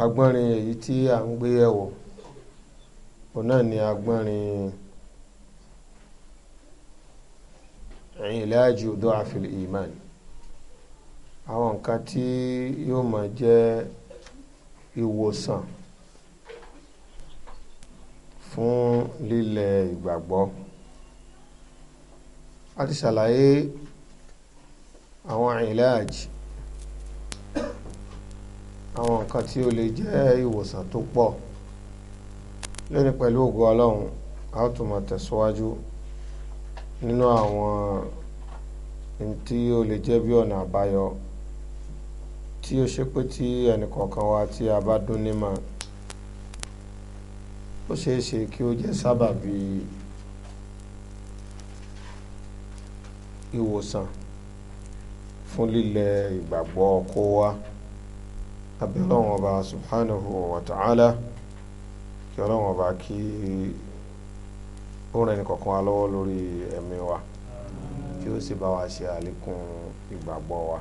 agbọ́nrin èyí tí à ń gbé yẹ̀wò òun náà ni agbọ́nrin ìlàjì odò àfìlì ìmánì àwọn nǹkan tí yóò máa jẹ́ ìwòsàn fún lílẹ̀ ìgbàgbọ́ a ti ṣàlàyé àwọn ìlàjì àwọn nǹkan tí ó lè jẹ́ ìwòsàn tó pọ̀ lónìí pẹ̀lú ògo ọlọ́run a ó tún máa tẹ̀síwájú nínú àwọn tí ó lè jẹ́ bí ọ̀nà àbáyọ tí ó ṣe pé tí ẹnìkọ̀ọ̀kan wa tí a bá dún ní mọ̀ ó ṣeé ṣe kí ó jẹ́ sábàbí ìwòsàn fún lílẹ̀ ìgbàgbọ́ kó wá àbí ọlọ́run ọba subhanahu wa ta'ala kí ọlọ́run ọba kí ó ràn ní kọ̀ọ̀kan wa lórí ẹ̀mí wa kí ó sì bá wa ṣe àlékún ìgbàgbọ́ wa.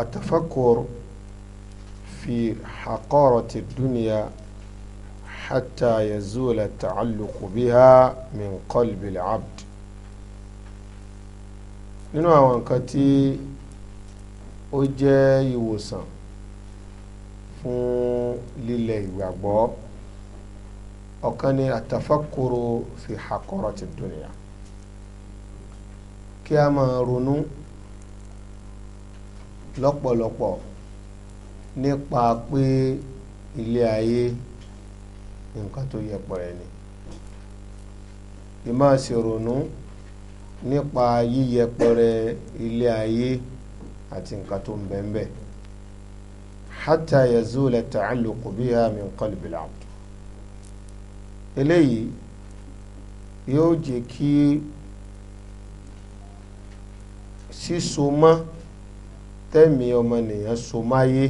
التفكر في حقارة الدنيا حتى يزول التعلق بها من قلب العبد nínú àwọn nǹkan tí ó jẹ́ ìwòsàn fún lílẹ̀ ìgbàgbọ́ ọ̀kan ni àtàfàkùrù fi hàkọ́rọ̀ ti dùnìyà kí a máa ronú lọ́pọ̀lọpọ̀ nípa pé ilé ayé nǹkan tó yẹpẹrẹ ni ìmáa ṣèrònú nípa yíyẹpẹrẹ ilé ayé àti nǹkan tó ń bẹ ń bẹ hatta yazula ta'alluqu biha min qalbil abd eléyìí yóò jẹ́ kí síso mọ́ tẹ́mi ọmọnìyàn so máyé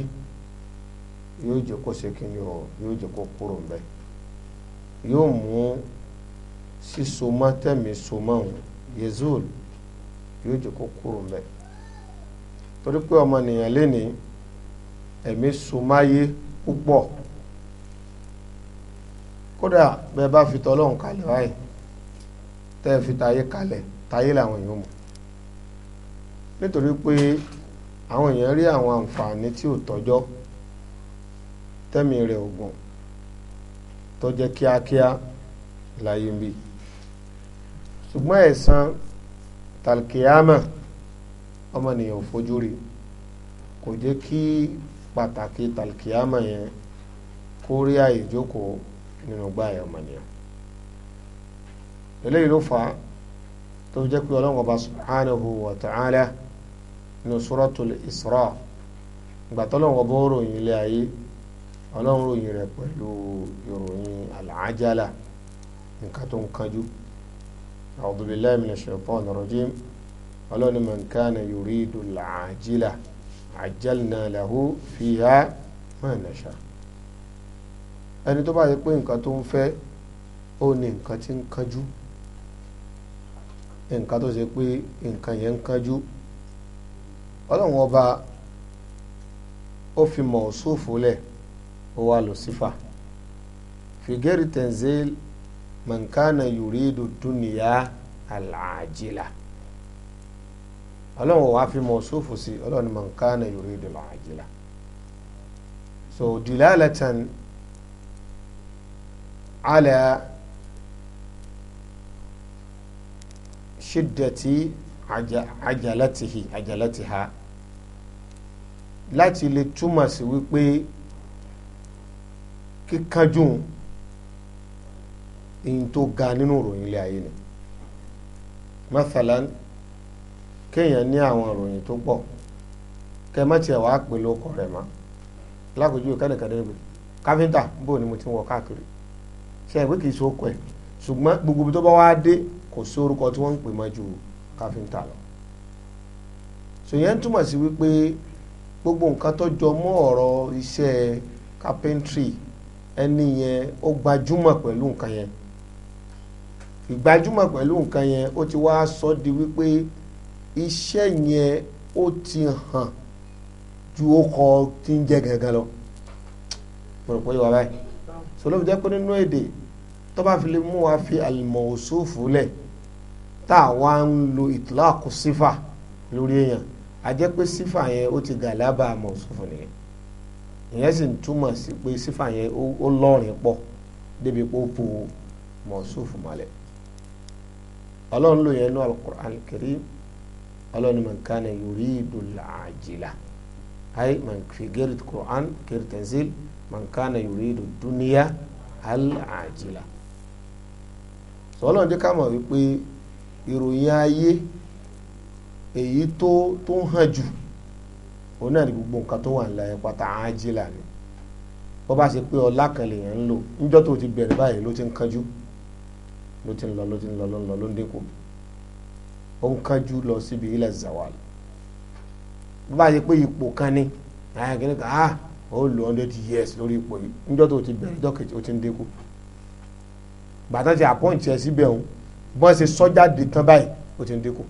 yóò jẹ́ kó ṣe kí ni o yóò jẹ́ kó kúrò ń bẹ yóò mú síso yezul yóò jẹ́ kó kúrò ń torí pé ọmọnìyàn lénìí ẹ̀mí sumáyé púpọ̀ kódà bẹ́ẹ̀ bá fi tọ́lọ́hún kalẹ̀ báyìí tẹ́ ẹ fi tayé kalẹ̀ tayé làwọn èèyàn mọ̀ nítorí pé àwọn èèyàn rí àwọn àǹfààní tí ò tọ́jọ́ tẹ́mi rẹ̀ ògùn tó jẹ́ kíákíá láyé ń ṣùgbọ́n ẹ̀san talkiyama. E ọmọnìyàn ò fojú rí kò jẹ́ kí pàtàkì tàlkìyàmà yẹn kó rí àyè jókòó nínú gbáyà ọmọnìyàn eléyìí ló fà á tó fi jẹ́ pé ọlọ́run ọba subhanahu wa ta'ala nínú suratul isra gbàtọ́lọ́run ọba ó ròyìn ilé ayé ọlọ́run ròyìn rẹ̀ pẹ̀lú ìròyìn al nǹkan tó ń kanjú a'udhu billahi minash shaitanir rajim ọlọ́ni man kana yuridu làájílà àjálìnà làhú fìyà máa nàṣà ẹni tó bá yẹ pé nǹkan tó ń fẹ́ ó ní nǹkan tí ń kánjú nǹkan tó ṣe pé nǹkan yẹn ń kánjú ọlọ́run ọba ó fi mọ̀ ọ́sùfù lẹ̀ ó wá lò sífà fìgẹ́rì tẹ̀ǹzẹ́l man kana yuridu dúnìyà àlàájílà. Al ọlọ́run wàá fi mọ̀ọ́sùfù sí ọlọ́run man kana yuridul ajila so dilalatan ala shiddati ajalatihi ajalatiha láti lè túmọ̀ sí wípé kíkanjú ìyìn tó ga nínú ìròyìn ilé ayé ni mathalan. kéèyàn ní àwọn ìròyìn tó pọ̀ kẹ má tiẹ̀ wàá pè lóko rẹ̀ mọ́ lákòójú kẹ́nìkẹ́nì rẹ̀ káfíńtà bò ni mo ti wọ̀ káàkiri ṣe ẹ̀ ṣùgbọ́n gbogbo tó bá wá dé kò sí orúkọ tí wọ́n ń pè mọ́ ju káfíńtà lọ gbogbo nǹkan tó jọ mọ́ ọ̀rọ̀ iṣẹ́ ẹni yẹn ó gbajúmọ̀ pẹ̀lú nǹkan yẹn ìgbajúmọ̀ pẹ̀lú nǹkan yẹn ó ti wá sọ di iṣẹ́ yẹn ó ti hàn ju ọkọ̀ tí ń jẹ́ gẹ́gẹ́ lọ mo rò pé yóò wá báyìí sọlọ́mù jẹ́ pé nínú èdè tó bá fi lè mú wa fi al-mawsufu lẹ̀ tá a wá ń lo ìtìláàkù sífà lórí èèyàn a jẹ́ pé sífà yẹn ó ti gàlábà mawsufu nìyẹn ìyẹn sì ń túmọ̀ sí pé sífà yẹn ó lọ́rin pọ̀ débi pé ó po mawsufu mọ́lẹ̀ ọlọ́run ló yẹn ní al-Qur'an al-Karim ọlọ́ni mankana yuridu làjìlá ay manfi gẹ́rì quran gẹ́rì tanzil mankana yuridu dúníyà àlàjìlá sọlọ́n jẹ́ ká mọ̀ wípé ìròyìn ayé èyí tó tó ń hàn jù òun náà ní gbogbo nǹkan tó wà ńlá yẹn pátá àjìlá ni bó bá ṣe pé ọlá kan lèèyàn ń lò níjọ́ tó ti bẹ̀rẹ̀ báyìí ló ti ń kánjú ló ti ń lọ ló ti ń lọ ló ń lọ ló ń dínkù ó kájú lọ síbi ilẹ̀ zawal bó bá yẹ pé ipò kan ni àyàn kìíní kan ah ó lò hundred years lórí ipò yìí níjọ́ tó ti bẹ̀rẹ̀ níjọ́ kejì ó ti ń dínkù bàtà ti àpọ́ǹtì ẹ̀ síbẹ̀ òun bọ́n ṣe sọ́jà dì tán báyìí ó ti ń dínkù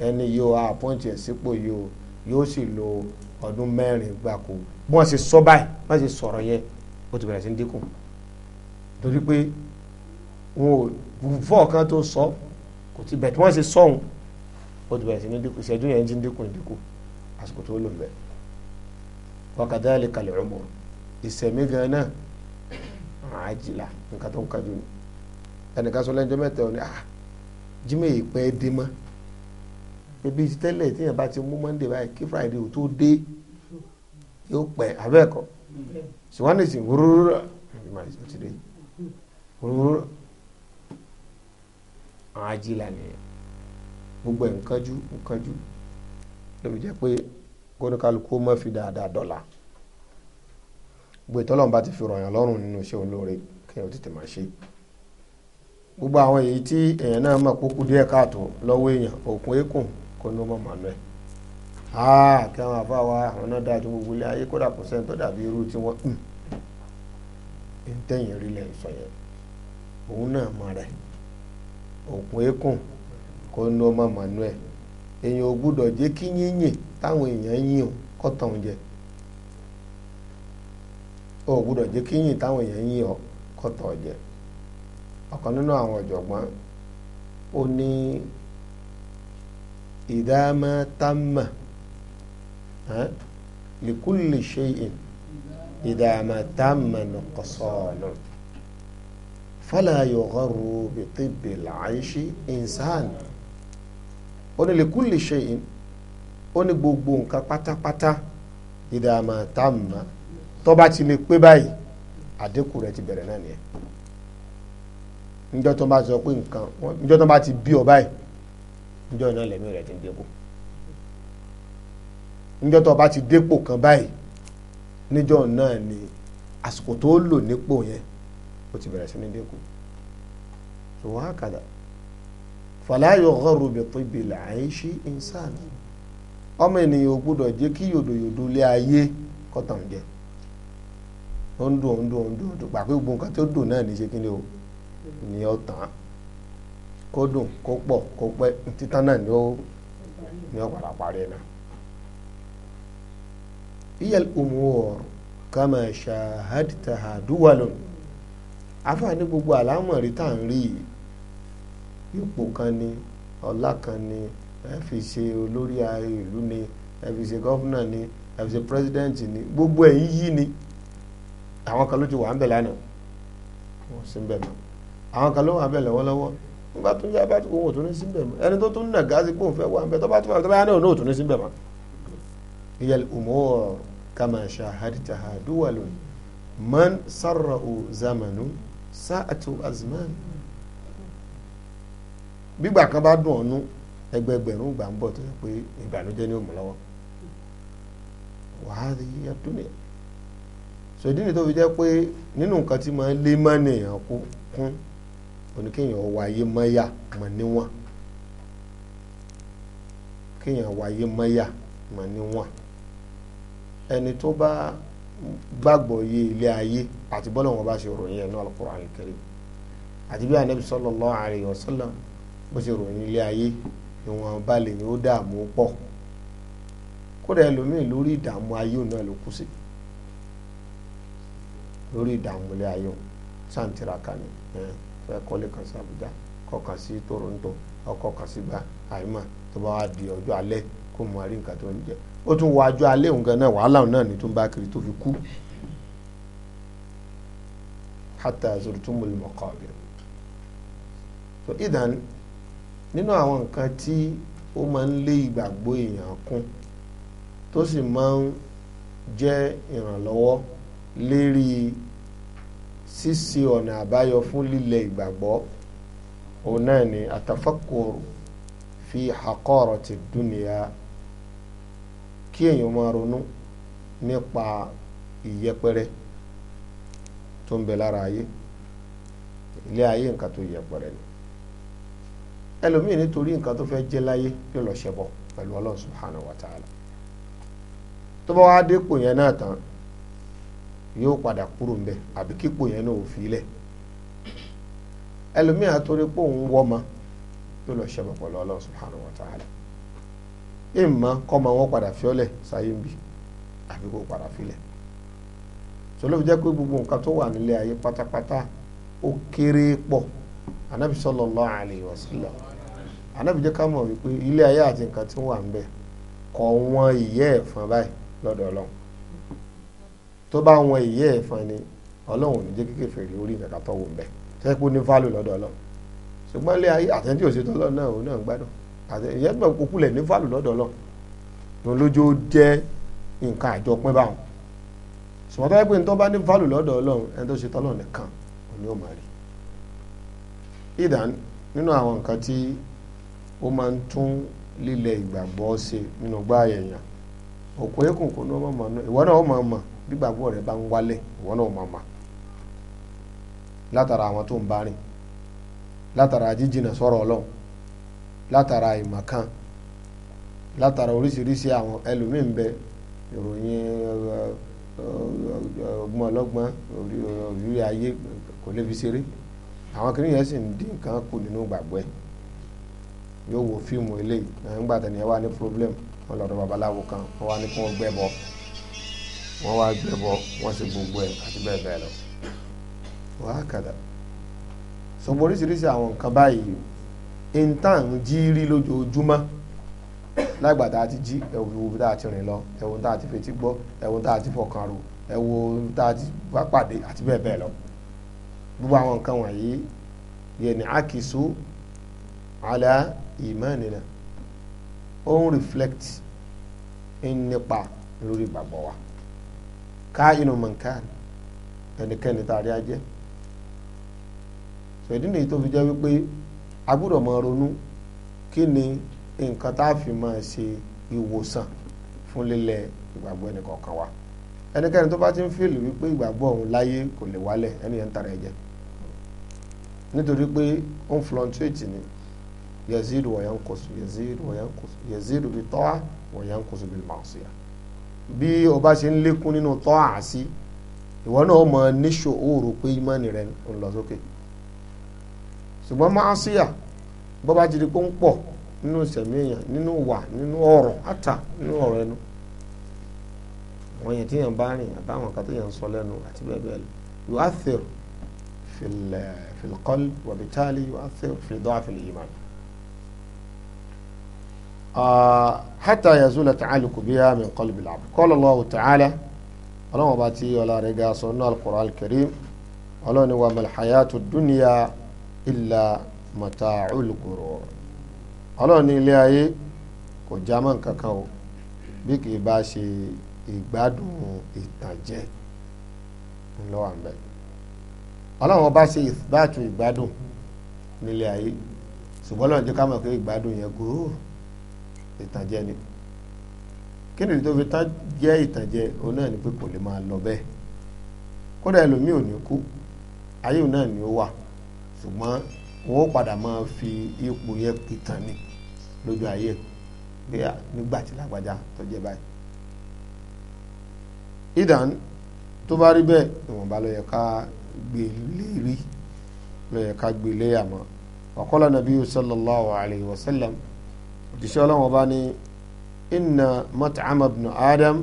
ẹni yóò àpọ́ǹtì ẹ̀ sípò yóò yóò sì lo ọdún mẹ́rin gbáko bọ́n ṣe sọ báyìí bọ́n ṣe sọ̀rọ̀ yẹn ó ti bẹ̀rẹ̀ sí ń dínkù torí pé wọn ò fọ́ọ̀kan tó sọ àsìkò tí bẹ̀tí wọ́n ṣe sọ́hun ó ti bẹ̀rẹ̀ sí ní dínkù ìṣẹ́jú yẹn ti ń dínkù ìdínkù àsìkò tó lò ń bẹ̀. wa kadhalika al-umur ìṣẹ̀mí gan náà àjìlá nǹkan tó ń kájú ni ẹnìkan sọ lẹ́jọ́ mẹ́ta ọ̀ni ah jimmy yìí pẹ́ dé mọ́ ebi tẹ́lẹ̀ tíyẹn bá ti mú monday báyìí kí friday ò tó dé yóò pẹ́ abẹ́ẹ̀kọ́ ṣùgbọ́n ní ìsìn wúrúrú àjílà nìyẹn gbogbo ẹ̀ ń kánjú ń kánjú lóbi jẹ́ pé kóníkálukú fi dáadáa gbogbo ti fi rọ̀yàn lọ́rùn nínú iṣẹ́ olóore kéèyàn tètè máa ṣe gbogbo àwọn èyí tí èèyàn náà mọ̀ kókó díẹ̀ káàtó lọ́wọ́ èèyàn òkun eékùn kó ní ó mọ̀ mọ̀ aa kí àwọn àfa àwọn náà dájú gbogbo ilé ayé kódà kò sẹ́ni tó dàbí irú tí wọ́n ń mọ̀ òkun eékùn kó ní ọmọ manuel èèyàn ò gbúdọ̀ jẹ́ kí táwọn èèyàn yìn kọ́ tàn jẹ ò gbúdọ̀ jẹ́ kí yìn táwọn èèyàn yìn ọ kọ́ tàn jẹ ọ̀kan nínú àwọn ọ̀jọ̀gbọ́n ó ní támà likulli shay'in fala yugharu bi tibbil aishi insan ó ní li kulli shay'in ó ní gbogbo nǹkan pátápátá ìdààmú tààmù tó bá ti lè pé báyìí àdínkù rẹ̀ ti bẹ̀rẹ̀ náà nìyẹn njọ́ tó bá sọ pé nǹkan njọ́ tó bá ti bí ọ báyìí njọ́ náà lẹ́mí rẹ̀ ti ń dínkù njọ́ tó bá ti dépò kan báyìí níjọ́ náà ni àsìkò tó lò nípò yẹn ó ti bẹ̀rẹ̀ sí ní dínkù so wọ́n á kàdà fàlàyé ọgọ́rùn bẹ̀tọ́ ìbìlà àìṣí ìnsàn ọmọ ènìyàn ò gbọ́dọ̀ jẹ́ kí yòdòyòdò lé ayé kọ́tàn jẹ ó ń dùn ó ń dùn ó ń dùn ó ń dùn pàpẹ́ gbogbo nǹkan tí ó dùn náà ní ṣe kí o ní ọ tàn án kó dùn kó pọ̀ kó pẹ́ títàn náà ni ó ní ọ padà parí ẹ̀ náà. iyal umur kama shahadtaha duwalun àfáà ní gbogbo àlámọ̀rí tá à ń rí ipò kan ni ọlá kan ni ẹ fi ṣe olórí ìlú ni ẹ fi ṣe gọ́fúnà ni ẹ fi ṣe pírẹsidẹ́ǹtì ni gbogbo ẹ̀yìn yí ni àwọn kan ló ti wà ń bẹ̀ lánàá wọ́n sì ń bẹ̀ mọ́ àwọn kan ló wà ń bẹ̀ lọ́wọ́lọ́wọ́ nígbà tó yá bá tó owó tó ní sí bẹ̀ mọ́ ẹni tó tún nà gáàsì pò ń fẹ́ wà ń bẹ̀ tó bá tó fà tó bá yá náà náà tó ní sí bẹ̀ mọ́. iyal umur kama shahadtaha duwalun man sarra'u sáàtù azman gbígbà kan bá dùn ọ̀nù ẹgbẹgbẹ̀rún gbà ń bọ̀ tó yẹ pé ìbànújẹ́ ní òmù lọ́wọ́ wàá rí adúlẹ̀ sòdí ni tó fi jẹ́ pé nínú nǹkan tí máa ń lé mọ́nì èèyàn kún oníkéèyàn wáyé mọ́yà mọ́ níwọ̀n kéèyàn wáyé mọ́yà mọ́ níwọ̀n ẹni tó bá gbàgbọ́ yé ilé ayé. àti bọ́lọ̀ wọn bá ṣe ròyìn ẹ̀ ní al-Qur'an al-Karim àti bí anabi sallallahu alayhi wa sallam bó ṣe ròyìn ilé ayé ìwọ̀n balẹ̀ ni ó dààmú pọ̀ kódà ẹlòmíì lórí ìdààmú ayé òun náà ló kú sí lórí ìdààmú ilé ayé òun sàǹtìràkà ni fẹ́ kọ́lé kan sí Àbújá kọ̀ọ̀kan sí Toronto ọkọ̀ sí gba àìmọ̀ tó bá wá di ọjọ́ alẹ́ kó mọ àrí nǹkan tó ń jẹ ó tún wọ ajọ́ alẹ́ òun gan náà wàhálà òun náà ni tó ń bá kiri tó fi kú حتى زرتم maqabir so idan nínú àwọn nǹkan لي ó máa ń lé ìgbàgbọ́ èèyàn kún tó sì máa ń jẹ́ ìrànlọ́wọ́ lérí ṣíṣe ọ̀nà àbáyọ fún lílẹ̀ ìgbàgbọ́ òun náà ni àtàfàkùrù fi haqarati dunya kí èèyàn máa ronú nípa ìyẹpẹrẹ tó ń bẹ lára ayé ilé ayé nǹkan tó yẹ pẹrẹ ni ẹlòmíì nítorí nǹkan tó fẹ́ jẹ́ láyé yóò lọ ṣẹbọ pẹ̀lú ọlọ́run subhanahu wa ta'ala tó bá wá dépò yẹn náà tán yóò padà kúrò ń àbí kípò yẹn náà ò fi lẹ̀ ẹlòmíì àtòrí pé òun wọ́mọ yóò lọ ṣẹbọ pẹ̀lú ọlọ́run subhanahu wa ta'ala ìmọ̀ kọ́mọ wọn padà fiọ́lẹ̀ sáyé ń bì àbí padà sọlọ́ fi jẹ́ pé gbogbo nǹkan tó wà nílé ayé pátápátá ó kéré pọ̀ anabi sallallahu alayhi wa sallam anabi jẹ́ ká mọ̀ wípé ilé ayé àti nǹkan tí wà ń bẹ kọ̀ wọ́n ìyẹ́ ẹ̀fọn báyìí lọ́dọ̀ ọlọ́run tó bá wọn ìyẹ́ ẹ̀fọn ni ọlọ́run ò ní jẹ́ kékeré fèrè orí nǹkan tó wò ń bẹ pé ó ní fálù lọ́dọ̀ ọlọ́run ṣùgbọ́n ilé ayé àtẹ̀ntì òṣèlú ọlọ́run náà òun ṣùgbọ́n tó yẹ pé nítorí bá ní value lọ́dọ̀ ọlọ́run ẹni tó ṣe tọ́lọ́run nìkan ò máa rí nínú àwọn nǹkan tí ó máa ń tún lílẹ̀ ìgbàgbọ́ ṣe nínú gbá èèyàn òkú iwọ ní ọmọ mọ̀ náà ìwọ náà ó máa mọ̀ bí gbàgbọ́ rẹ bá ń wálẹ̀ ìwọ náà ó máa mọ̀ ọgbọ́n ọlọ́gbọ́n orí ayé kò lè fi ṣeré àwọn kìnìún yẹn sì ń dín nǹkan kù nínú gbàgbọ́ ẹ̀ yóò wo fíìmù eléyìí nígbà tẹ̀ ní ẹ wá ní problem wọn lọ́dọ̀ babaláwo kan wọn wá ní kí wọ́n gbẹ́bọ wọ́n wá gbẹ́bọ wọ́n sì gbogbo ẹ̀ àti bẹ́ẹ̀ bẹ́ẹ̀ lọ. wàá kàdà sọ oríṣiríṣi àwọn nǹkan báyìí intan jírí lójoojúmọ́ lágbà tá a ti jí ẹ̀wù wo tá a ti rìn lọ ẹ̀wù tá a ti fetí gbọ́ ẹ̀wù tá a ti fọkàn rò ẹ̀wù tá a ti bá pàdé àti bẹ́ẹ̀ bẹ́ẹ̀ lọ gbogbo àwọn nǹkan wọ̀nyí yẹnì àkìsù àlà ìmánìna ó ń reflect ń nípa lórí ìgbàgbọ́ wa ká inú mọ̀nkán ẹnikẹ́ni tá a rí ajẹ́ sọ tó fi jẹ́ wípé a gbọ́dọ̀ ronú kí ni nǹkan tá a fi máa ṣe ìwòsàn fún lílẹ̀ ìgbàgbọ́ ẹnìkọ̀ọ̀kan wa ẹnikẹ́ni tó bá ti ń fèlè wípé ìgbàgbọ́ òun láyé kò lè wálẹ̀ ẹni yẹn ń tara ẹ jẹ nítorí pé ó ń fluctuate ni yazidu wa yankusu yazidu wa yankusu yazidu bi tọ́wá wa yankusu bil ma'siyah bí o bá ṣe ń lékún nínú tọ́wá sí ìwọ náà mọ níṣò òòrò pé ìmánì rẹ ń lọ sókè ṣùgbọ́n ma'siyah bó bá ti di pé ń pọ̀ nínú sẹ̀mí èèyàn nínú wà nínú ọ̀rọ̀ àtà nínú ọ̀rọ̀ ẹnu àwọn èèyàn tí èèyàn bá rìn àbáwọn kan tó yàn ń sọ lẹ́nu àti bẹ́ẹ̀ bẹ́ẹ̀ lọ yóò á fèrè في القلب وبالتالي يؤثر في ضعف الإيمان آه حتى يزول تعلق بها من قلب العبد قال الله تعالى اللهم باتي ولا رجاء صنع القرآن الكريم اللهم وما الحياة الدنيا إلا متاع الغرور ọlọ́run ní ilé ayé kò já mọ́ nǹkan kan o bí kì í bá ṣe ìgbádùn ìtànjẹ ńlọ́wọ́ àmbẹ́ ọlọ́run ọba ṣe ìbáàtú ìgbádùn nílé ayé ṣùgbọ́n ọlọ́run jẹ́ ká mọ̀ pé ìgbádùn yẹn gòó ìtànjẹ ni kí ni tó fi tán jẹ́ ìtànjẹ òun náà ni pé kò lè máa lọ bẹ́ẹ̀ kódà ẹlòmíì ò ní kú ayé òun náà ni ó wà ṣùgbọ́n wọ́n padà máa fi ipò yẹn pìtàn ni lójú ayé bí a nígbà tí lágbájá tó jẹ báyìí. ìdán tó bá rí bẹ́ẹ̀ ìwọ̀nba ló yẹ ká gbé lérí ló yẹ ká gbé léyàmọ́ ọ̀kọ́lá nàbí sallallahu alayhi wa sallam òjíṣẹ́ ọlọ́wọ́n bá ní inna mat'ama ibn adam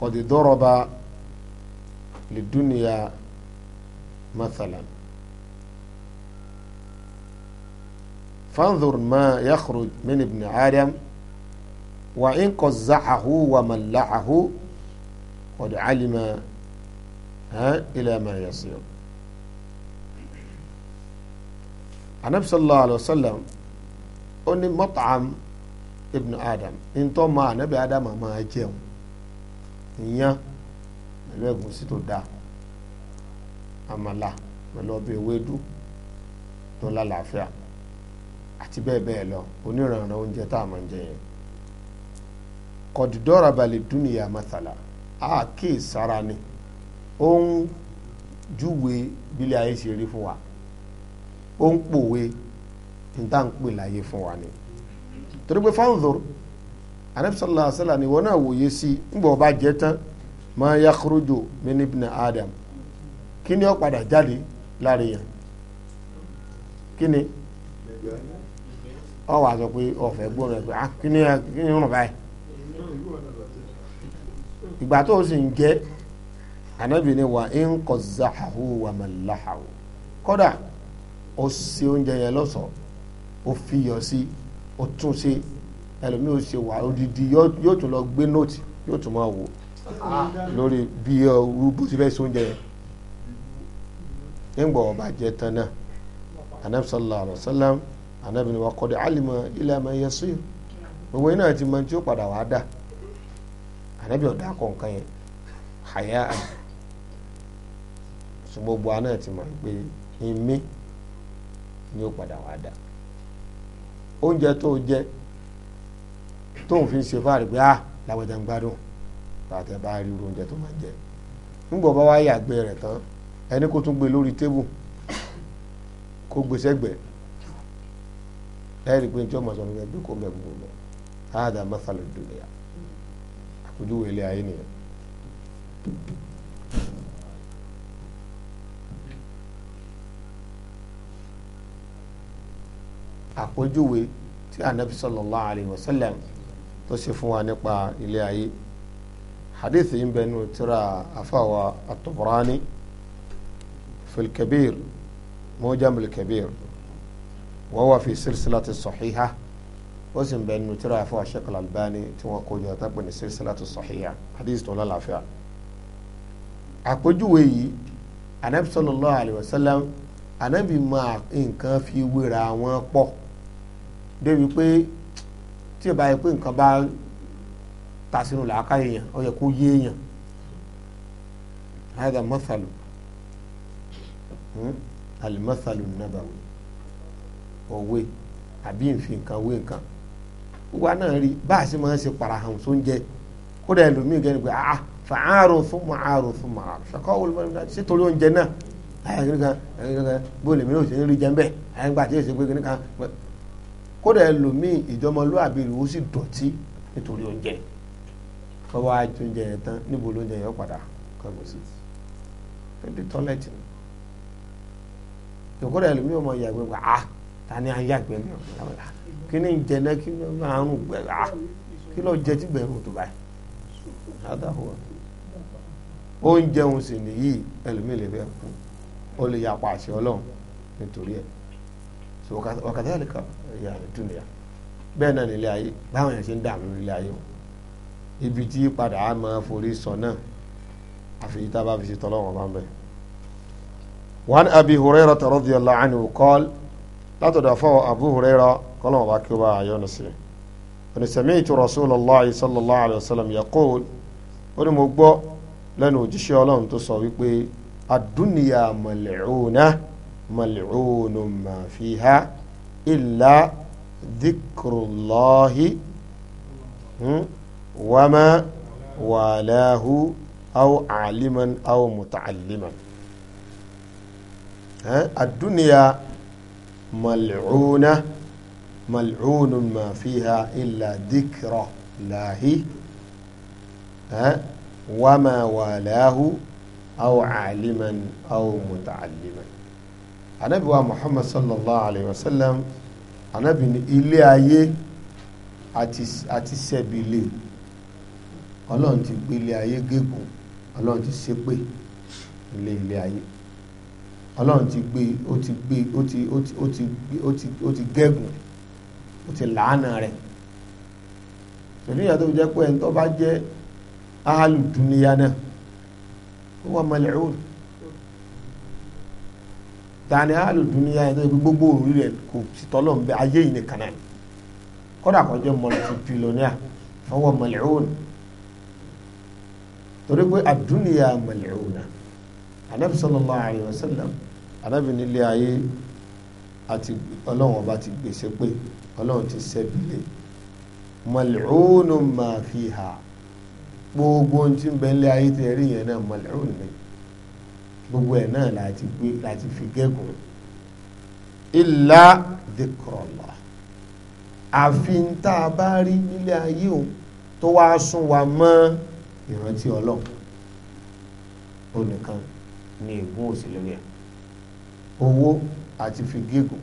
qad daraba lidunya mathalan. فانظر ما يخرج من ابن آدم وإن قزحه وملعه قد علم ها إلى ما يصير anabi sallallahu alayhi wa sallam ó ní mọ́tàm ibn adam ntọ́ ma anabi adam máa jẹun ìyàn pẹ̀lú ẹ̀gúsí tó dáa àmàlà pẹ̀lú ọbẹ̀ ewédú tó lálàáfíà. La àti bẹ́ẹ̀ bẹ́ẹ̀ lọ oníranran oúnjẹ tá a máa ń jẹ yẹn kọ̀dùdọ́ra balẹ̀ dúnìyà masala àáké sára ni ó ń júwe bílẹ̀ ayé ṣe rí fún wa ó ń pòwe níta ń pè láyé fún wa ni torí pé fáńdòr anabisalla asala ni wọn náà wòye sí nígbà ọba jẹ tán máa ya kúrújò min ibn adam kí ni ó padà jáde lára yẹn kí ni ọ wà sọ pé ọ̀fẹ́ gbóná ẹ̀ pé ah, kíni kíni rùn báyìí ìgbà tó o sì ń jẹ́ ànábì ni wà ń kọ zahahu wà màláhàwò kódà ó ṣe oúnjẹ yẹn lọ́sọ̀ọ́ ó fi yọ sí ó tún ṣe ẹlòmíì ó ṣe wà odidi yóò tún lọ gbé nóòtì yóò tún máa wò lórí bí ọrú bó ti fẹ́ ṣe oúnjẹ yẹn nígbà ọba jẹ tán náà anabi sallallahu alayhi wa sallam anabi ni wa kọ́ de alimọ̀ ilẹ̀ àmọ́ yẹ sí gbogbo yìí náà ti mọ tí ó padà wàá dà anabi ọ̀dà kọ̀ọ̀kan yẹn àyà ṣùgbọ́n gbogbo aná ti mọ̀ pé ìmí ni ó padà wàá dà oúnjẹ tó jẹ tó ń fi ṣe fáàrí pé ah làwọ̀jà ń gbádùn bàtẹ bá rí irú oúnjẹ tó máa jẹ nígbà bá wá yàgbẹ́ rẹ̀ tán ẹni kó tún gbé lórí tébù kó gbé sẹ́gbẹ̀ẹ́ ẹ rí i pé tí ọmọ sọ̀rọ̀ ẹgbẹ́ kó mẹ́ gbogbo mẹ́ áàdà mẹ́sàlẹ̀ dùnìyà àpèjúwe ilé ayé nìyẹn. àpèjúwe tí anabi sallallahu alayhi wa sallam tó ṣe fún wa nípa ilé ayé hadith yìí ń bẹ nínú tírà at-Tabarani fil kabir mujam al-kabir wa huwa fi silsilati sahiha ó sì ń bẹ nínú tíra fún Sheikh Al-Albani tí wọ́n kó jọ tápẹ́ ní silsilati sahiha hadith tó lálàáfíà. àpèjúwe yìí anabi sallallahu alayhi wa sallam anabi máa nǹkan fi wéra wọn pọ̀ débi pé tí o bá yẹ pé nǹkan bá ta sínú làákà èèyàn ó yẹ kó yé èèyàn hada mathalu hmm? al mathalu nabawi òwe àbí nfi nǹkan wé nǹkan wa náà rí bá a sì máa ń ṣe parahàn tó kódà ẹlòmíì gẹ́gẹ́ pé ah fa àárò fún mọ àárò fún mọ àárò ṣàkọ́ wọlé wọn náà ṣé torí oúnjẹ náà ayé kìnìkan ayé kìnìkan bóyá èmi náà ò sì ní rí jẹun bẹ́ẹ̀ ayé gbà tí yóò ṣe pé kìnìkan kódà ẹlòmíì ìjọmọlúwàbí rẹ̀ ó sì dọ̀tí nítorí oúnjẹ bọ́wọ́ àjò oúnjẹ yẹn tán níbo lóúnjẹ yẹn padà kọ́gbọ́n sí i pẹ̀lú tọ́lẹ̀tì ni ìkódà ẹlòmíì ọmọ ìyàgbẹ́ ah tani ayé àgbẹ̀ ní ọ̀la kí ni jẹ̀nẹ́ kí ni àrùn gbẹ̀rẹ̀ à kí lọ jẹ tí gbẹ̀rùn tó báyìí adáhùn oúnjẹ òun sì nìyí ẹlòmíì lè fẹ́ kú ó lè yapa àṣẹ ọlọ́run nítorí ẹ̀ so ọ̀kadà yà lè kà yà lè bẹ́ẹ̀ náà nílé ayé báwọn yẹn ṣe ń dààmú nílé ayé o ibi tí padà á máa forí sọ náà àfi yìí tá a bá fi ṣe tọ́lọ́wọ́n bá ń bẹ̀. wàhán abi hurairah radiyallahu anhu qala látọ̀dọ̀ fáwọn Abu Huraira kọ́lọ́mù bá kí ó bá yọ́nú sí i òní sami'tu Rasulullahi sallallahu alayhi wa sallam yaqul ó ní mo gbọ́ lẹ́nu òjíṣẹ́ ọlọ́run tó sọ wípé ad-dunya mal'una mal'unu ma fiha illa dhikrullahi hmm, wa ma walahu aw aliman mal'una mal'unun ma fiha illa dhikra lahi eh, wa ma walahu aw aliman aw muta'alliman anabi wa muhammad sallallahu alayhi wa sallam anabi ni ilé ayé àti sẹ́bìlì ọlọ́run ti gbélé ayé gégùn ọlọ́run ti ṣépè ilé ilé ayé ọlọ́run ti gbé ó ti gbé ó ti ó ti ó ti ó ti ó ti gẹ́gùn ó ti làánà rẹ̀ pẹ̀lú ìyàtọ̀ jẹ́ pé ẹni tó bá jẹ́ áhàlù náà ó wà mal'un tani áhàlù dúníyà ẹni tó yẹ pé gbogbo òru rẹ̀ kò sì tọ́lọ̀ ń bẹ ayé yìí nìkan náà kódà kan jẹ́ mọ̀lẹ́sì ó wà mal'un torí pé àdúnìyà mal'un anabi sallallahu alayhi wa sallam anabi nílé ayé àti ọlọ́run ọba ti gbèsè pé ọlọ́run ti sẹ́bìlẹ̀ mal'unu ma fiha gbogbo ohun tí ń bẹ nílé ayé tẹ̀ rí yẹn náà mal'un ni gbogbo ẹ̀ náà láti gbé láti fi gẹ́gùn illa dhikrullah àfi tá a bá rí nílé ayé o tó wá sún wa mọ́ ìrántí ọlọ́run ó ní ègún òsì lórí ẹ̀ owó àti fi gígùn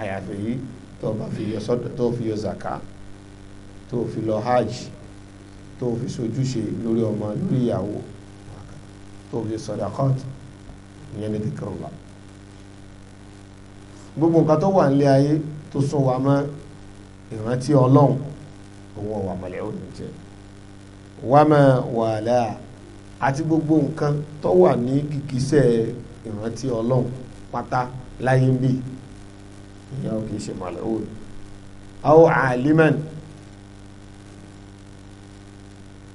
àyàfi yìí tó bá fi yọ sọ́dọ̀ tó fi yọ zaka tó fi lọ hajj tó fi sojúṣe lórí ọmọ lórí ìyàwó tó fi sọdọ̀ kọ́ọ̀tù ìyẹn ní kíkọ́ wa gbogbo nǹkan tó wà nílé ayé tó sún wa mọ́ ìrántí ọlọ́run òun ọ̀wà mọ̀lẹ́wò ní jẹ́ wàmẹ̀ wàhálà àti gbogbo nǹkan tó wà ní kìkísẹ̀ ìrántí ọlọ́run pátá láyé ń bì ìyá ò kìí ṣe màlẹ́wò aw aliman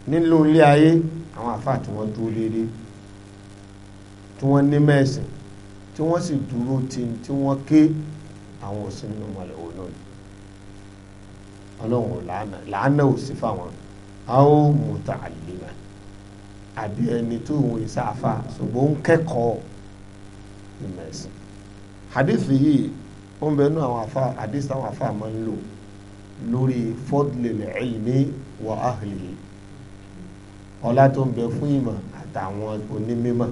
nílò ilé ayé àwọn àfáà tí wọ́n dúró déédéé tí wọ́n ní mẹ́sìn tí wọ́n sì dúró tí tí wọ́n ké àwọn òsì nínú màlẹ́wò náà ọlọ́run làánà ò sí fáwọn aw muta'alliman àbí ẹni tó òun ìsáfà ṣùgbọ́n ń kẹ́kọ̀ọ́ ìmọ̀ ẹ̀sìn hadith yìí ó ń bẹnu àwọn afa hadith àwọn afa máa ń lò lórí fadlil ilmi wa ahlihi ọlá tó ń bẹ fún ìmọ̀ àtàwọn onímọ̀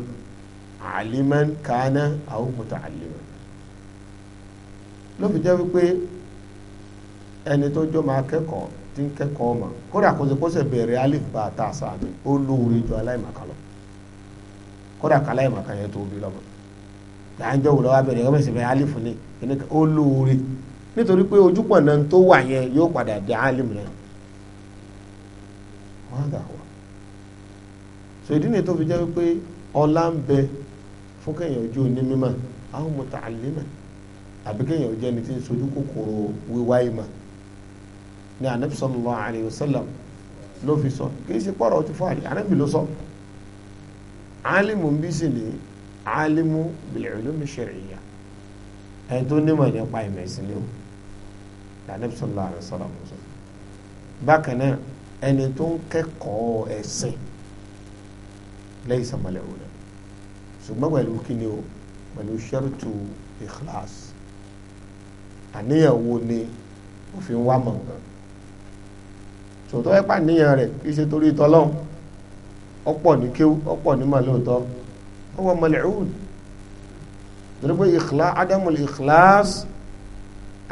aliman kana aw muta'alliman ló fi jẹ́ wípé ẹni tó jọ máa kẹ́kọ̀ọ́ tí ń kẹ́kọ̀ọ́ mọ̀ kódà kó ṣe bẹ̀rẹ̀ alif a ta sáàmì ó lóore ju aláìmọ̀kan lọ kódà kàláìmọ̀kan yẹn tó bí lọ́mọ dáńjọ́ wò lọ́wọ́ abẹ́rẹ́ ọmọ ni ó lóore nítorí pé ojú náà tó wà yẹn yóò padà di alim náà wọ́n dà so ìdí ni tó fi jẹ́ pé ọlá ń bẹ fún kẹ́yìn ojú ní mímọ́ àwọn àbí kẹ́yìn ojú ẹni tí ń sojú kòkòrò ní anabi sallallahu alayhi wa sallam ló fi sọ kì í ṣe pọ̀rọ̀ ti fọ́ àlè anabi ló sọ alimu bí sì ni alimu bil ulumi shar'iyya ẹni tó nímọ̀ nípa ìmọ̀ ẹ̀sìn ni ó ní anabi sallallahu alayhi wa sallam sọ bákan náà ẹni tó ń kẹ́kọ̀ọ́ ẹ̀sìn lẹ́yìn sàmàlẹ̀ òun náà ṣùgbọ́n pẹ̀lú kíni o pẹ̀lú ṣẹ́rùtù ikhlas àníyàwó ni òfin wà mọ̀ nǹkan tòótọ́ ẹ̀pà níyàn rẹ̀ kì í ṣe torí tọlọ́hun ọ̀pọ̀ ní kéwú ọ̀pọ̀ ní màá lóòótọ́ ó wọ mal'un torí pé ìkìlá ádámù ìkìláàs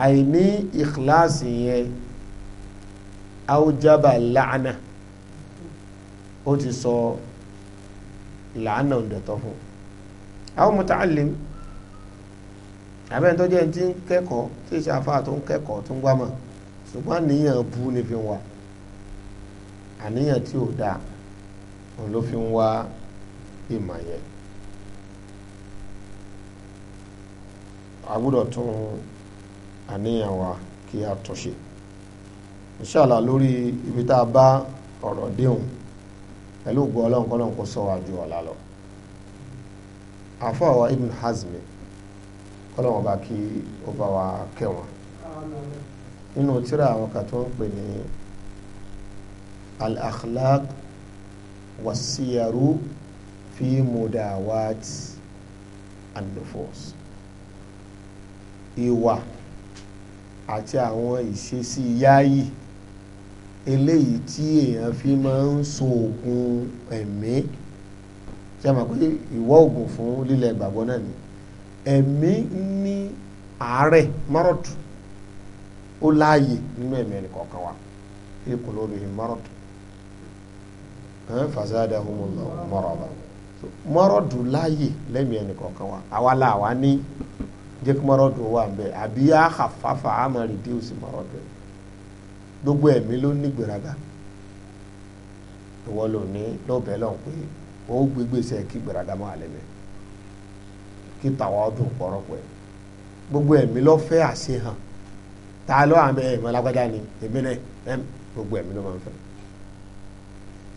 àìní ìkìláàs yẹn àwùjábà làánà ó ti sọ làánà òǹdẹ̀tọ́ fún àwọn muta'allim àbẹ́ni tó jẹ́ ti ń kẹ́kọ̀ọ́ tí ìṣàfà tó ń kẹ́kọ̀ọ́ tó ń gbámọ̀ ṣùgbọ́n níyàn bú ni fi wà. àníyàn tí ò dáa òun ló fi ń wá ìmọ̀ yẹn a tún àníyàn wa kí a tún ṣe inshallah lórí ibi tá a bá ọ̀rọ̀ déhùn pẹ̀lú ògbó ọlọ́run kọ́lọ́run kó sọ wájú ọ̀la lọ àfọwọ́ ibn hazmi kọ́lọ́run ọba kí ó bá wa kẹwọn nínú àwọn al-akhlaq wasiyaru fi mudawat an-nufus ìwà àti àwọn ìṣesí yáyì eléyìí tí èèyàn fi máa ń so oògùn ẹ̀mí ṣe mọ̀ pé ìwọ oògùn fún lílẹ̀ ìgbàgbọ́ náà ni ẹ̀mí ní àárẹ̀ mọ́rọ̀tù ó láàyè nínú ẹ̀mí ẹnì wa kí kò mọ́rọ̀tù fasada humna mọ̀rọ̀ba mọ́rọ̀dù láàyè lẹ́mí ẹnì kọ̀ọ̀kan wa àwa là wá ní jẹ́ kí mọ́rọ̀dù wà ń bẹ̀ àbí yá àfàfà á máa rí díòsì mọ́rọ̀dù gbogbo ẹ̀mí ló ní gbéraga ìwọ ló ní lọ́bẹ̀ lọ́n pé ó gbégbèsè kí gbéraga máa lẹ́mẹ̀ kí tàwa ọdún pọ̀rọ̀ pẹ̀ gbogbo ẹ̀mí ló fẹ́ àṣehàn tá àmì ẹ̀mọ́ lágbájá ni èmi náà gbogbo ẹ̀mí ló máa ń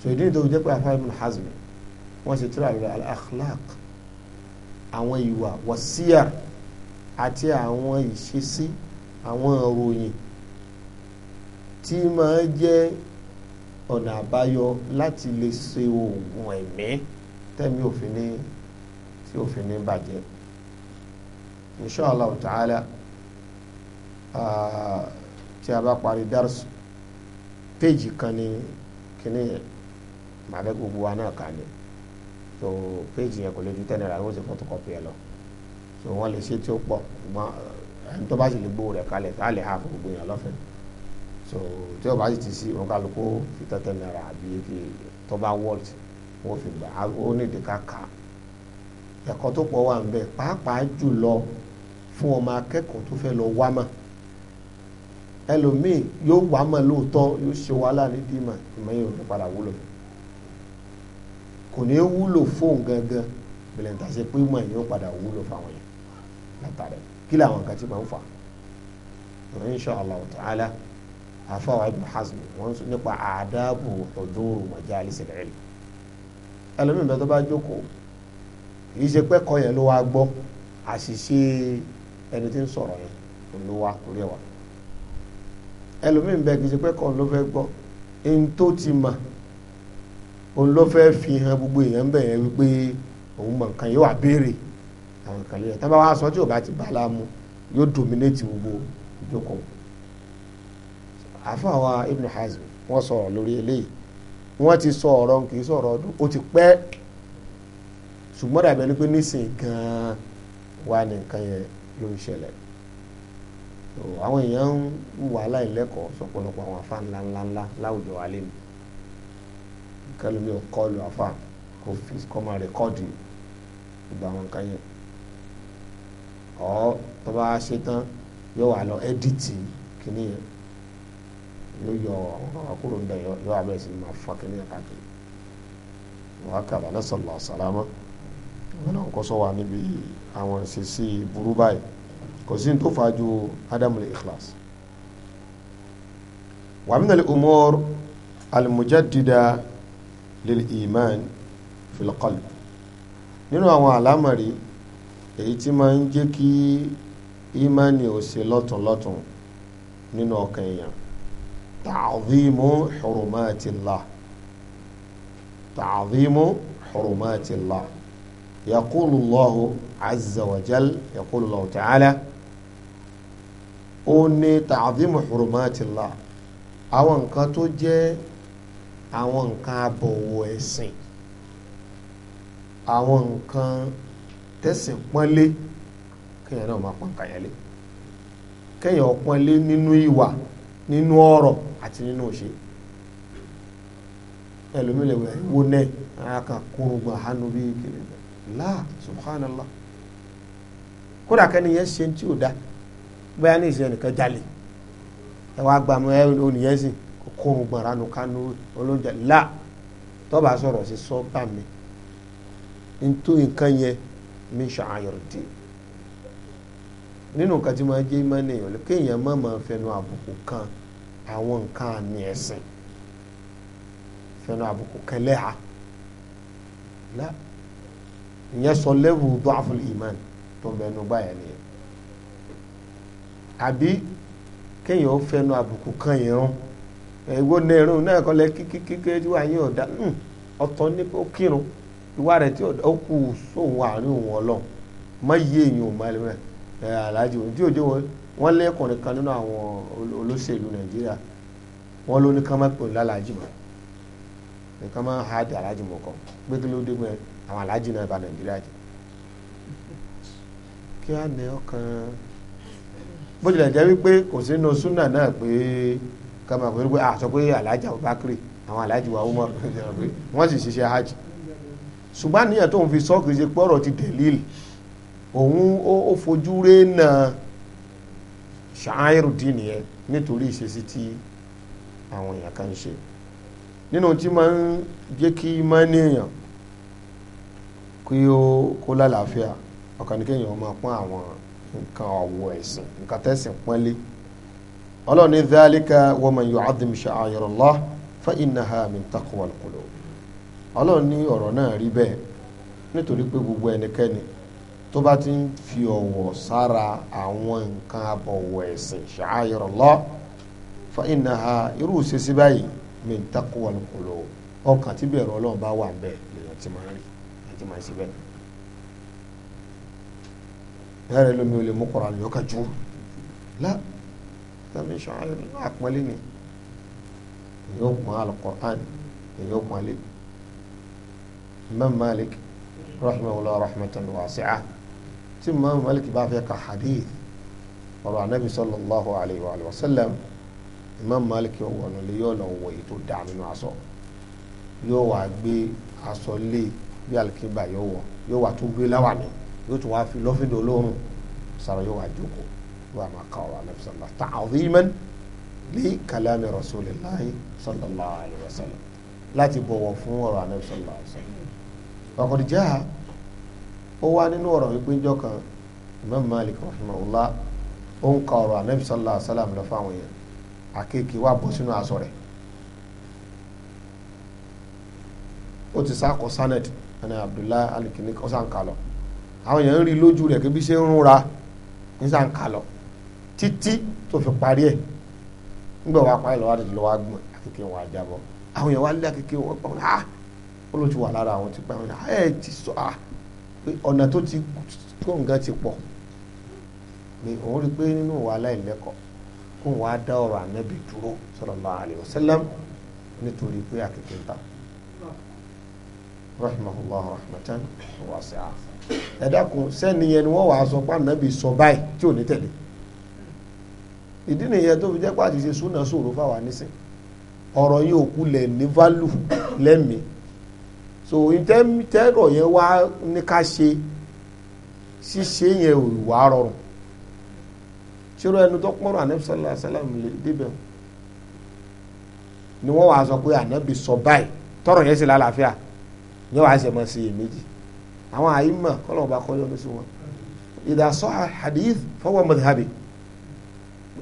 so ìdí ìdó jẹ́ pé afárá ibùn hazm wọ́n ṣe tíra rẹ̀ al-akhlaq àwọn ìwà wàsíyà àti àwọn ìṣesí àwọn ìròyìn tí máa jẹ́ ọ̀nà àbáyọ láti lè ṣe oògùn ẹ̀mí tẹ́mi òfin ní tí òfin ní bàjẹ́ inshallah ta'ala tí a bá parí dárúsù péjì kan ní kìnìyàn màá fẹ́ gbogbo wa náà kà ní so péjì yẹn kò lè ju tẹ́nira ó sì photocopy ẹ lọ so wọ́n lè ṣe tí ó pọ̀ ṣùgbọ́n ẹni tó bá sì lè gbowó rẹ̀ kalẹ̀ tá a lè ha fún gbogbo yẹn lọ́fẹ̀ẹ́ so tí o bá sì ti sí wọn kálukú fi tẹ́tẹ́ náírà àbí fi tó bá wọ́ọ̀t wọ́n fi gbà á ó ní ìdíkà ká ẹ̀kọ́ tó pọ̀ wà níbẹ̀ pàápàá jùlọ fún ọmọ akẹ́kọ̀ọ́ tó fẹ́ lọ wá mà ẹlòmíì yóò wá mà lóòótọ́ yóò ṣe wàhálà nídìí mà ìmọ̀ yẹn ò padà wúlò fún kò ní wúlò fóun gangan bẹ̀rẹ̀ níta ṣe pé mọ̀ yóò padà wúlò fáwọn yẹn látàrí kí làwọn nǹkan ti máa ń fà insha Allah ta'ala àfọwọ́ ibn Hazm wọ́n sọ nípa àdábù huduru majalis al-ilm ẹlòmíì bẹ́ẹ̀ tó bá jókòó kì í ṣe pé yẹn ló wá gbọ́ àṣìṣe ẹni tí ń sọ̀rọ̀ yẹn ló wá torí ẹ̀ bẹ́ẹ̀ kì í ṣe pé ló fẹ́ gbọ́ ẹni tó ti mọ̀ òun ló fẹ́ fi hàn gbogbo èèyàn bẹ̀ yẹn wípé òun mọ̀ nǹkan yóò wá béèrè àwọn nǹkan lẹ́yìn tábà wá sọ tí ò bá ti bá láàmú yóò dominate gbogbo ìjókòó àfa wa Ibn Hazm wọ́n sọ̀rọ̀ lórí eléyìí wọ́n ti sọ ọ̀rọ̀ kì í sọ̀rọ̀ ọdún ó ti pẹ́ ṣùgbọ́n dàbí ẹni pé nísìnyí gan-an wà ní nǹkan yẹn ló ń ṣẹlẹ̀ àwọn èèyàn ń wà láìlẹ́kọ̀ọ́ sọ̀pọ̀lọpọ̀ àwọn afá ńláńláńlá láwùjọ wa lẹ́nu kẹlẹ́mi ò kọlu afa kò fi kọ́ máa rẹ́kọ́ọ̀dì gbogbo àwọn nǹkan yẹn ọ̀ tó bá ṣe tán yóò wà lọ ẹ́díìtì kìíní yẹn yóò yọ àwọn akúrò ń bẹ yóò wà bẹ́ẹ̀ sì máa fa kìíní yẹn káàkiri wà á kàbà ní sọlọ sàlámà wọn náà kọ́ sọ wà níbi àwọn ìṣesí burú báyìí kò sí ní tó fa ju adamul ikhlas wàmínà lè umar al-mujaddida lil iman fil qalb nínú àwọn àlámọ̀rí èyí tí máa ń jẹ́ kí ìmánì ò ṣe lọ́tùnlọ́tùn nínú ọkàn èèyàn ta'dhimu hurumatillah ta'dhimu hurumatillah yaqulu Allahu azza wa jal yaqulu Allahu ta'ala ó ní ta'dhimu hurumatillah àwọn nǹkan tó jẹ́ àwọn nǹkan abọ̀wọ̀ ẹ̀sìn àwọn nǹkan tẹ̀sìn pọ́nlé kéèyàn náà máa pọ́n kàyàn lé kéèyàn pọ́nlé nínú ìwà nínú ọ̀rọ̀ àti nínú òṣè ẹlòmílẹ̀wẹ̀ wo náà aka kúrúgbà hánú bí la láà subhanallah kódà kẹ́ni yẹn ṣe tí ò dá bẹ́ẹ̀ ní ìṣẹ́ nìkan jalè ẹ wá gbàmú ẹ oníyẹn sìn kóru gbọ̀nranu kánú olóúnjẹ là tọ́ba sọ̀rọ̀ sí sọ́ba mi ntú nǹkan yẹn mi ṣàyọ̀rọ̀dì nínú nǹkan tí máa jẹ́ ìmánì èèyàn kéèyàn má máa fẹnu àbùkù kan àwọn nǹkan àmì ẹ̀sìn fẹnu àbùkù kan lẹ́hà là ìyẹn sọ lẹ́wù dọ́àfọ̀lì ìmán tó ń bẹnu báyẹn nìyẹn kéèyàn fẹnu àbùkù kan ìrún. ìwọ ní irun náà kọ́lẹ́ kíkíkíkí tí wàá yín ọ̀dà hmm. ọ̀tọ̀ ní ó kírun ìwà rẹ̀ tí ó kù sóhun àárín òun ọlọ́run má yé èyàn ò máa lẹ́mẹ̀ ẹ̀ aláàjì tí òjò wọn lẹ́kùnrin kan nínú àwọn olóṣèlú nàìjíríà wọn ló ní ká má pè lálàájì mọ́ ní ká má ha mọ́ kọ́ pé kí ló dé mọ́ àwọn náà bá nàìjíríà kama pé ah àsọ pé alájà Bakri àwọn alájì wa Umar wọ́n sì ṣiṣẹ́ hajj ṣùgbọ́n níyàn tó ń fi sọ kìí ṣe pọ́rọ̀ ti delil òun ó fojú ré na ṣááírù dín nìyẹn nítorí ìṣesí tí àwọn èèyàn kan ń ṣe nínú tí máa ń jẹ́ kí máa ní èèyàn kí ó kó lálàáfíà ọ̀kan ní pọ́n àwọn nǹkan ọ̀wọ̀ ẹ̀sìn nǹkan tẹ̀sìn pọ́nlé ọlọ́run ní dhalika wa man yu'azzim sha'airallah fa innaha min taqwal qulub ọlọ́run ní ọ̀rọ̀ náà rí bẹ́ẹ̀ nítorí pé gbogbo ẹnikẹ́ni tó bá ti ń fi ọ̀wọ̀ sára àwọn nǹkan abọ̀wọ̀ ẹ̀sìn sha'airallah fa innaha irú ṣèṣì báyìí min taqwal qulub ọkàn tí bẹ̀rù ọlọ́run bá wà bẹ́ẹ̀ lèèyàn ti máa rí àti máa ṣe bẹ́ẹ̀ yàrá ẹlòmíì ò lè mú Kùránì àlùyọ́ kájú tàbí ṣọ́ọ́yìn nínú àpọ́nlé ni èyí ó pọ́n alukur'an èyí ó pọ́nlé imam malik rahmanulah rahmatan wasi'a tí imam malik bá fẹ́ ka hadith ọ̀rọ̀ anabi sallallahu alayhi wa sallam imam malik yóò wọ̀ nílé yóò lọ wọ̀ èyí tó dáa nínú aṣọ yóò wá gbé aṣọ lé bí alikimba yóò wọ̀ yóò wá tún gbé láwàní yóò tún wá fi lọ́fíndé olóòórùn sàrọ̀ yóò wá jókòó. وما قال عليه صلى الله تعظيما لكلام رسول الله صلى الله عليه وسلم لا تبوا فور عليه صلى الله عليه وسلم وقد جاء هو أن نور يكون جوكا إمام مالك رحمه الله أنكر عليه صلى الله عليه وسلم لفاوية akéèké wa bọ́ sínú sanet ẹni abdullahi alikini ọsàn kalọ àwọn èèyàn ń rí lójú rẹ̀ kébí ṣe ń rúnra ń sàn títí tó fi parí ẹ̀ nígbà wàá parí lọ́wọ́ àdìdì lọ́wọ́ àgbọ̀n àkèké wọn àjábọ̀ àwọn yẹn wá lé àkèké wọn pa ah ó ló ti wà lára àwọn ti pa ah ẹ ti sọ ah ọ̀nà tó ti tó nǹkan ti pọ̀ ni òun rí pé nínú wa aláìlẹ́kọ̀ọ́ kó wọn á dá ọ̀rọ̀ ànábì dúró sallallahu alaihi wasallam nítorí pé àkèké ń ta rahimahullah rahmatan wasi'a ẹ dákun sẹ́ni yẹn ni wọ́n wàá sọ pé ànábì sọ báyìí tí ò ní tẹ̀lé ìdí nìyẹn tó fi jẹ́ pàtì ṣe súnà ṣòro fáwa nísìn ọ̀rọ̀ yìí ò kulẹ̀ ní válù lẹ́mìí so ìtẹ́rọ̀ yẹn wá ní ká ṣe ṣíṣe yẹn ò wá rọrùn ṣírò ẹni tó pọ̀rọ̀ ànábì sallallahu alaihi wasallam débẹ̀ ni wọ́n wàá sọ pé ànábì sọ báyìí tọrọ yẹn sì lálàáfíà ni wàá ṣe mọ̀ sí èméjì àwọn àyímọ̀ kọ́lọ̀ ọba kọ́lọ́ ní sí wọn ìdásọ́ hadith fọwọ́ madhhabi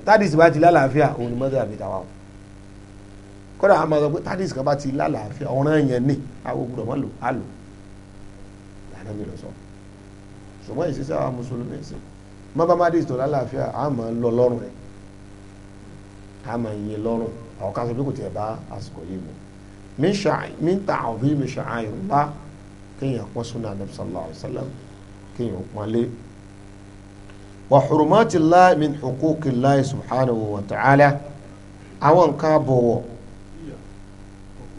tádìsì bá ti lálàáfíà òun ni mọ́tò àbí tàwa o kódà a máa sọ pé tádìsì kan bá ti lálàáfíà ọ̀ràn yẹn ni àwọn ògùdọ̀ mọ́ lò á lò lànà mi lọ sọ ṣùgbọ́n ìṣiṣẹ́ àwọn mùsùlùmí ẹ̀sìn mọ́bámádìsì tó lálàáfíà a máa lọ lọ́rùn rẹ̀ a máa yẹ lọ́rùn àwọn kan sọ pé kò tiẹ̀ bá àsìkò yìí mu mi ń ta àwọn bí mi ṣàáyọ̀ ńlá kéèyàn pọ́n súnà wa hurumatillahi min huquqillahi subhanahu wa ta'ala àwọn nǹkan bọ̀wọ̀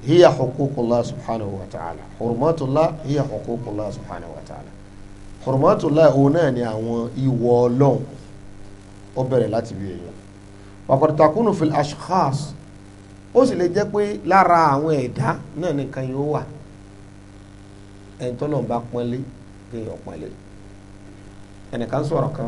hiya huququllahi subhanahu wa ta'ala hurumatillahi hiya huququllahi subhanahu wa ta'ala hurumatillahi òun náà ni àwọn ìwọ ọlọ́run ó bẹ̀rẹ̀ láti bí èèyàn wàkọ̀tàkùnù fil ashkhas ó sì lè jẹ́ pé lára àwọn ẹ̀dá náà nìkan yóò wà ẹni tó lọ́n bá pọ́nlé kéèyàn pọ́nlé ẹnìkan sọ̀rọ̀ kan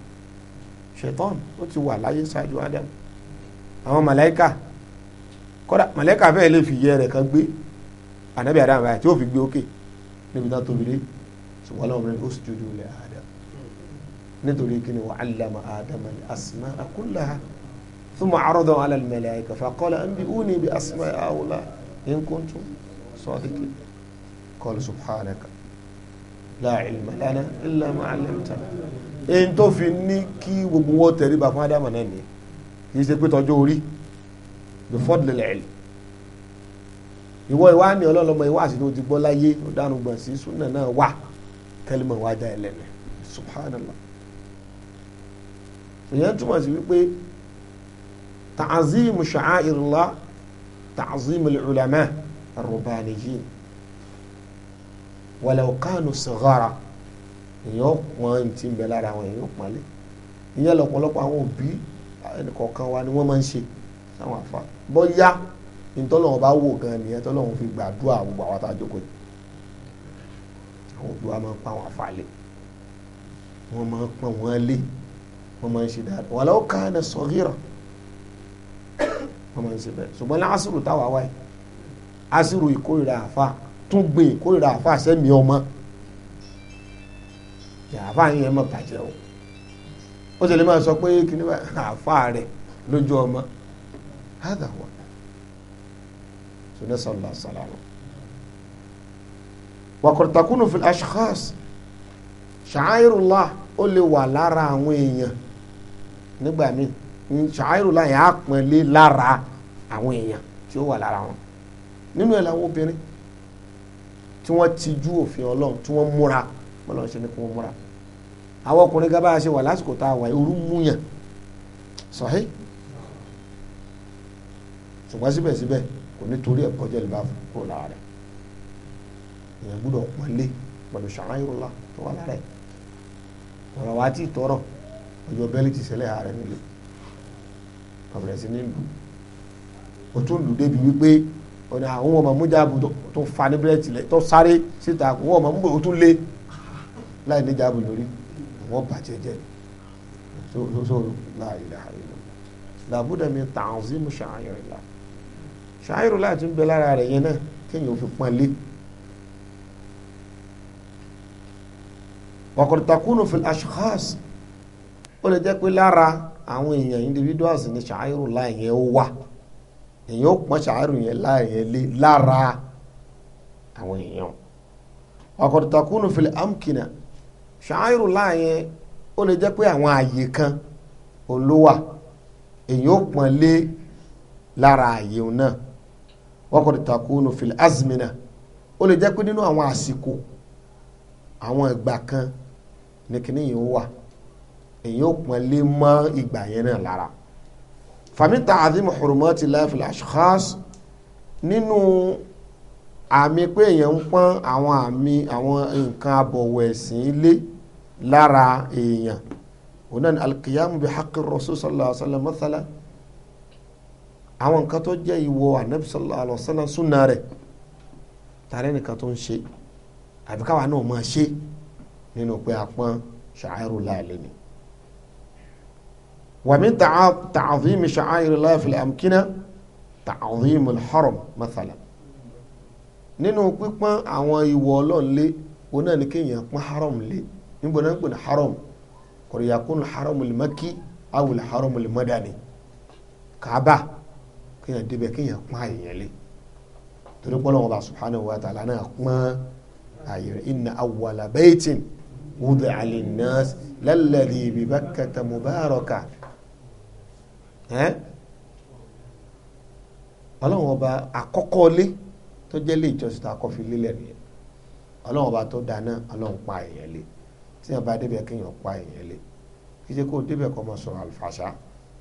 ṣètọ́n ó ti wà láyé ṣáájú Adam àwọn màláíkà kódà màláíkà fẹ́ẹ́ lè fi yẹ rẹ̀ kan gbé ànábì Adam báyìí tí ó fi gbé òkè níbi tá tóbi dé ṣùgbọ́n ọlọ́run rẹ̀ ó sì jòdì olè Adam nítorí kí ni wa allama Adam al-asma'a kullaha thumma 'aradahum 'ala al-mala'ika faqala anbi'uni bi asma'i ha'ula'i in kuntum sadiqin qala subhanaka la 'ilma lana illa ma 'allamtana èyí tó fi ní kí gbogbo wọn tẹríba fún ádámù náà nìyẹn kì í ṣe pé tọjọ́ orí the fourth level ẹ̀lì ìwọ ìwà ni ọlọ́lọ́mọ ìwà àti ìdóòtú gbọ́ láyé ọ̀daràn gbọ̀n sí súnà náà wà kẹlẹ́mọ̀ wá já ẹlẹ́nu subhanallah ìyẹn túmọ̀ sí wípé ta'azim sha'airullah ta'azim ulama ar-rabbaniyyin walau èèyàn pọn ìtì ń bẹ lára àwọn èèyàn pọnlé ìyẹn lọ́pọ̀lọpọ̀ àwọn òbí ẹnìkọ̀ọ̀kan wa ni wọ́n máa ń ṣe sáwọn àfa bọ́yá ìtọ́lọ́wọ́n bá wò gan nìyẹn tọ́lọ́wọ́n fi gbàdúrà gbogbo àwọn àtàjọkọ̀ yìí àwọn òbí wa máa ń pa àwọn àfa lé wọ́n máa ń pọn wọ́n lé wọ́n máa ń ṣe dáadáa wàlá ó kàn án sọ̀rírà wọ́n máa ń ṣe bẹ́ẹ̀ ṣùgbọ́n lásìrò táwa wáyé àsìrò ìkórìíra àfa tún gbin ìkórìíra àfa sẹ́mi ọmọ àfa yẹn mọ̀ bàjẹ́ o ó sì lè máa sọ pé kíní bá àfa rẹ̀ lójú ọmọ hádà wà sọdẹ sọlá sàlámù wàkùrùtàkùnù fil ashkhas ṣàáyìrùlá ó lè wà lára àwọn èèyàn nígbà míì ṣàáyìrùlá yẹn á pọnlé lára àwọn èèyàn tí ó wà lára wọn nínú ẹ̀ làwọn obìnrin tí wọ́n ti ju òfin ọlọ́run tí wọ́n múra bọ́lá ṣe ni kò múra àwọn ọkùnrin gábà ṣe wà lásìkò tá a wà irú múyàn sọ̀hí ṣùgbọ́n síbẹ̀síbẹ̀ kò ní torí ẹ̀ kọjá ìlú bá kúrò lára rẹ̀ èèyàn gbúdọ̀ pọ́nlé pẹ̀lú ṣàmáyìrúlá tó wà lára ẹ̀ ọ̀rọ̀ wa ti tọrọ ọjọ́ bẹ́ẹ̀lì ti ṣẹlẹ̀ ààrẹ nílé ọ̀bẹ̀rẹ̀ sí ní lù ó tún lù débi wípé ọ̀nà àwọn ọmọ mújàbù tó fa ní bírẹ̀tì tó sáré síta àwọn ọmọ múbò ó lé láì ní jáàbù lórí wọ́n bàjẹ́ jẹ́ ni so láàyè láàyè lọ làbúdà mi ta'zimu sha'airillah sha'airillah tún bẹ lára rẹ̀ yẹn náà kéèyàn fi pọ́n lé. waqad takunu fil ashkhas ó lè jẹ́ pé lára àwọn èèyàn individuals ní sha'airillah yẹn ó wà èèyàn ó pọ́n sha'airillah yẹn láàyè lé lára àwọn èèyàn waqad takunu amkina ṣááìrù láàyẹn ó lè jẹ́ pé àwọn ààyè kan olówà èyí ó pọ́n lé lára ààyè náà wọ́n kọ́ takunu fil azmina ó lè jẹ́ pé nínú àwọn àsìkò àwọn ìgbà kan ní kíní yìí ó wà èyí ó pọ́n lé mọ́ ìgbà yẹn náà lára fàmítà àdìmọ̀ hurumati la ashkhas nínú àmì pé èèyàn ń pọ́n àwọn àmì àwọn nǹkan abọ̀wọ̀ ẹ̀sìn ilé lára èèyàn òun náà ni alkiyamu bi haqqi rasul sallallahu alaihi wa sallam masala àwọn nǹkan tó jẹ́ ìwọ anabi sallallahu alaihi wa sallam sunna rẹ̀ tààrẹ nìkan tó ń ṣe àbí káwa náà máa ṣe nínú pé apọ́n ṣàáìrù láàlẹ́ ni wàmí tààzímì ṣàáìrù láàfilẹ̀ amkínà tààzímì haram masala nínú pípọ́n àwọn ìwọ ọlọ́run òun náà ni kéèyàn pọ́n haram lé níbo náà ń pè ní haram kọ̀rọ̀ yakun haramul maki awul haramul madani kaaba kéèyàn débẹ̀ kéèyàn pọ́n àyèyàn lé torí pé Ọlọ́hun Ọba subhanahu wa ta'ala náà pọ́n àyè rẹ̀ inna awwala baytin wudi'a linnas lalladhi bi bakkata mubaraka ọlọ́run ọba àkọ́kọ́ ilé tó jẹ́ ilé ìjọsìn tó akọ́fi lélẹ̀ nìyẹn ọlọ́run ọba tó dáná ọlọ́run pa èèyàn lé tí yẹn bá débẹ̀ kéèyàn pa èèyàn lé kí jẹ́ kó débẹ̀ kó máa sọ̀rọ̀ àlùfàṣà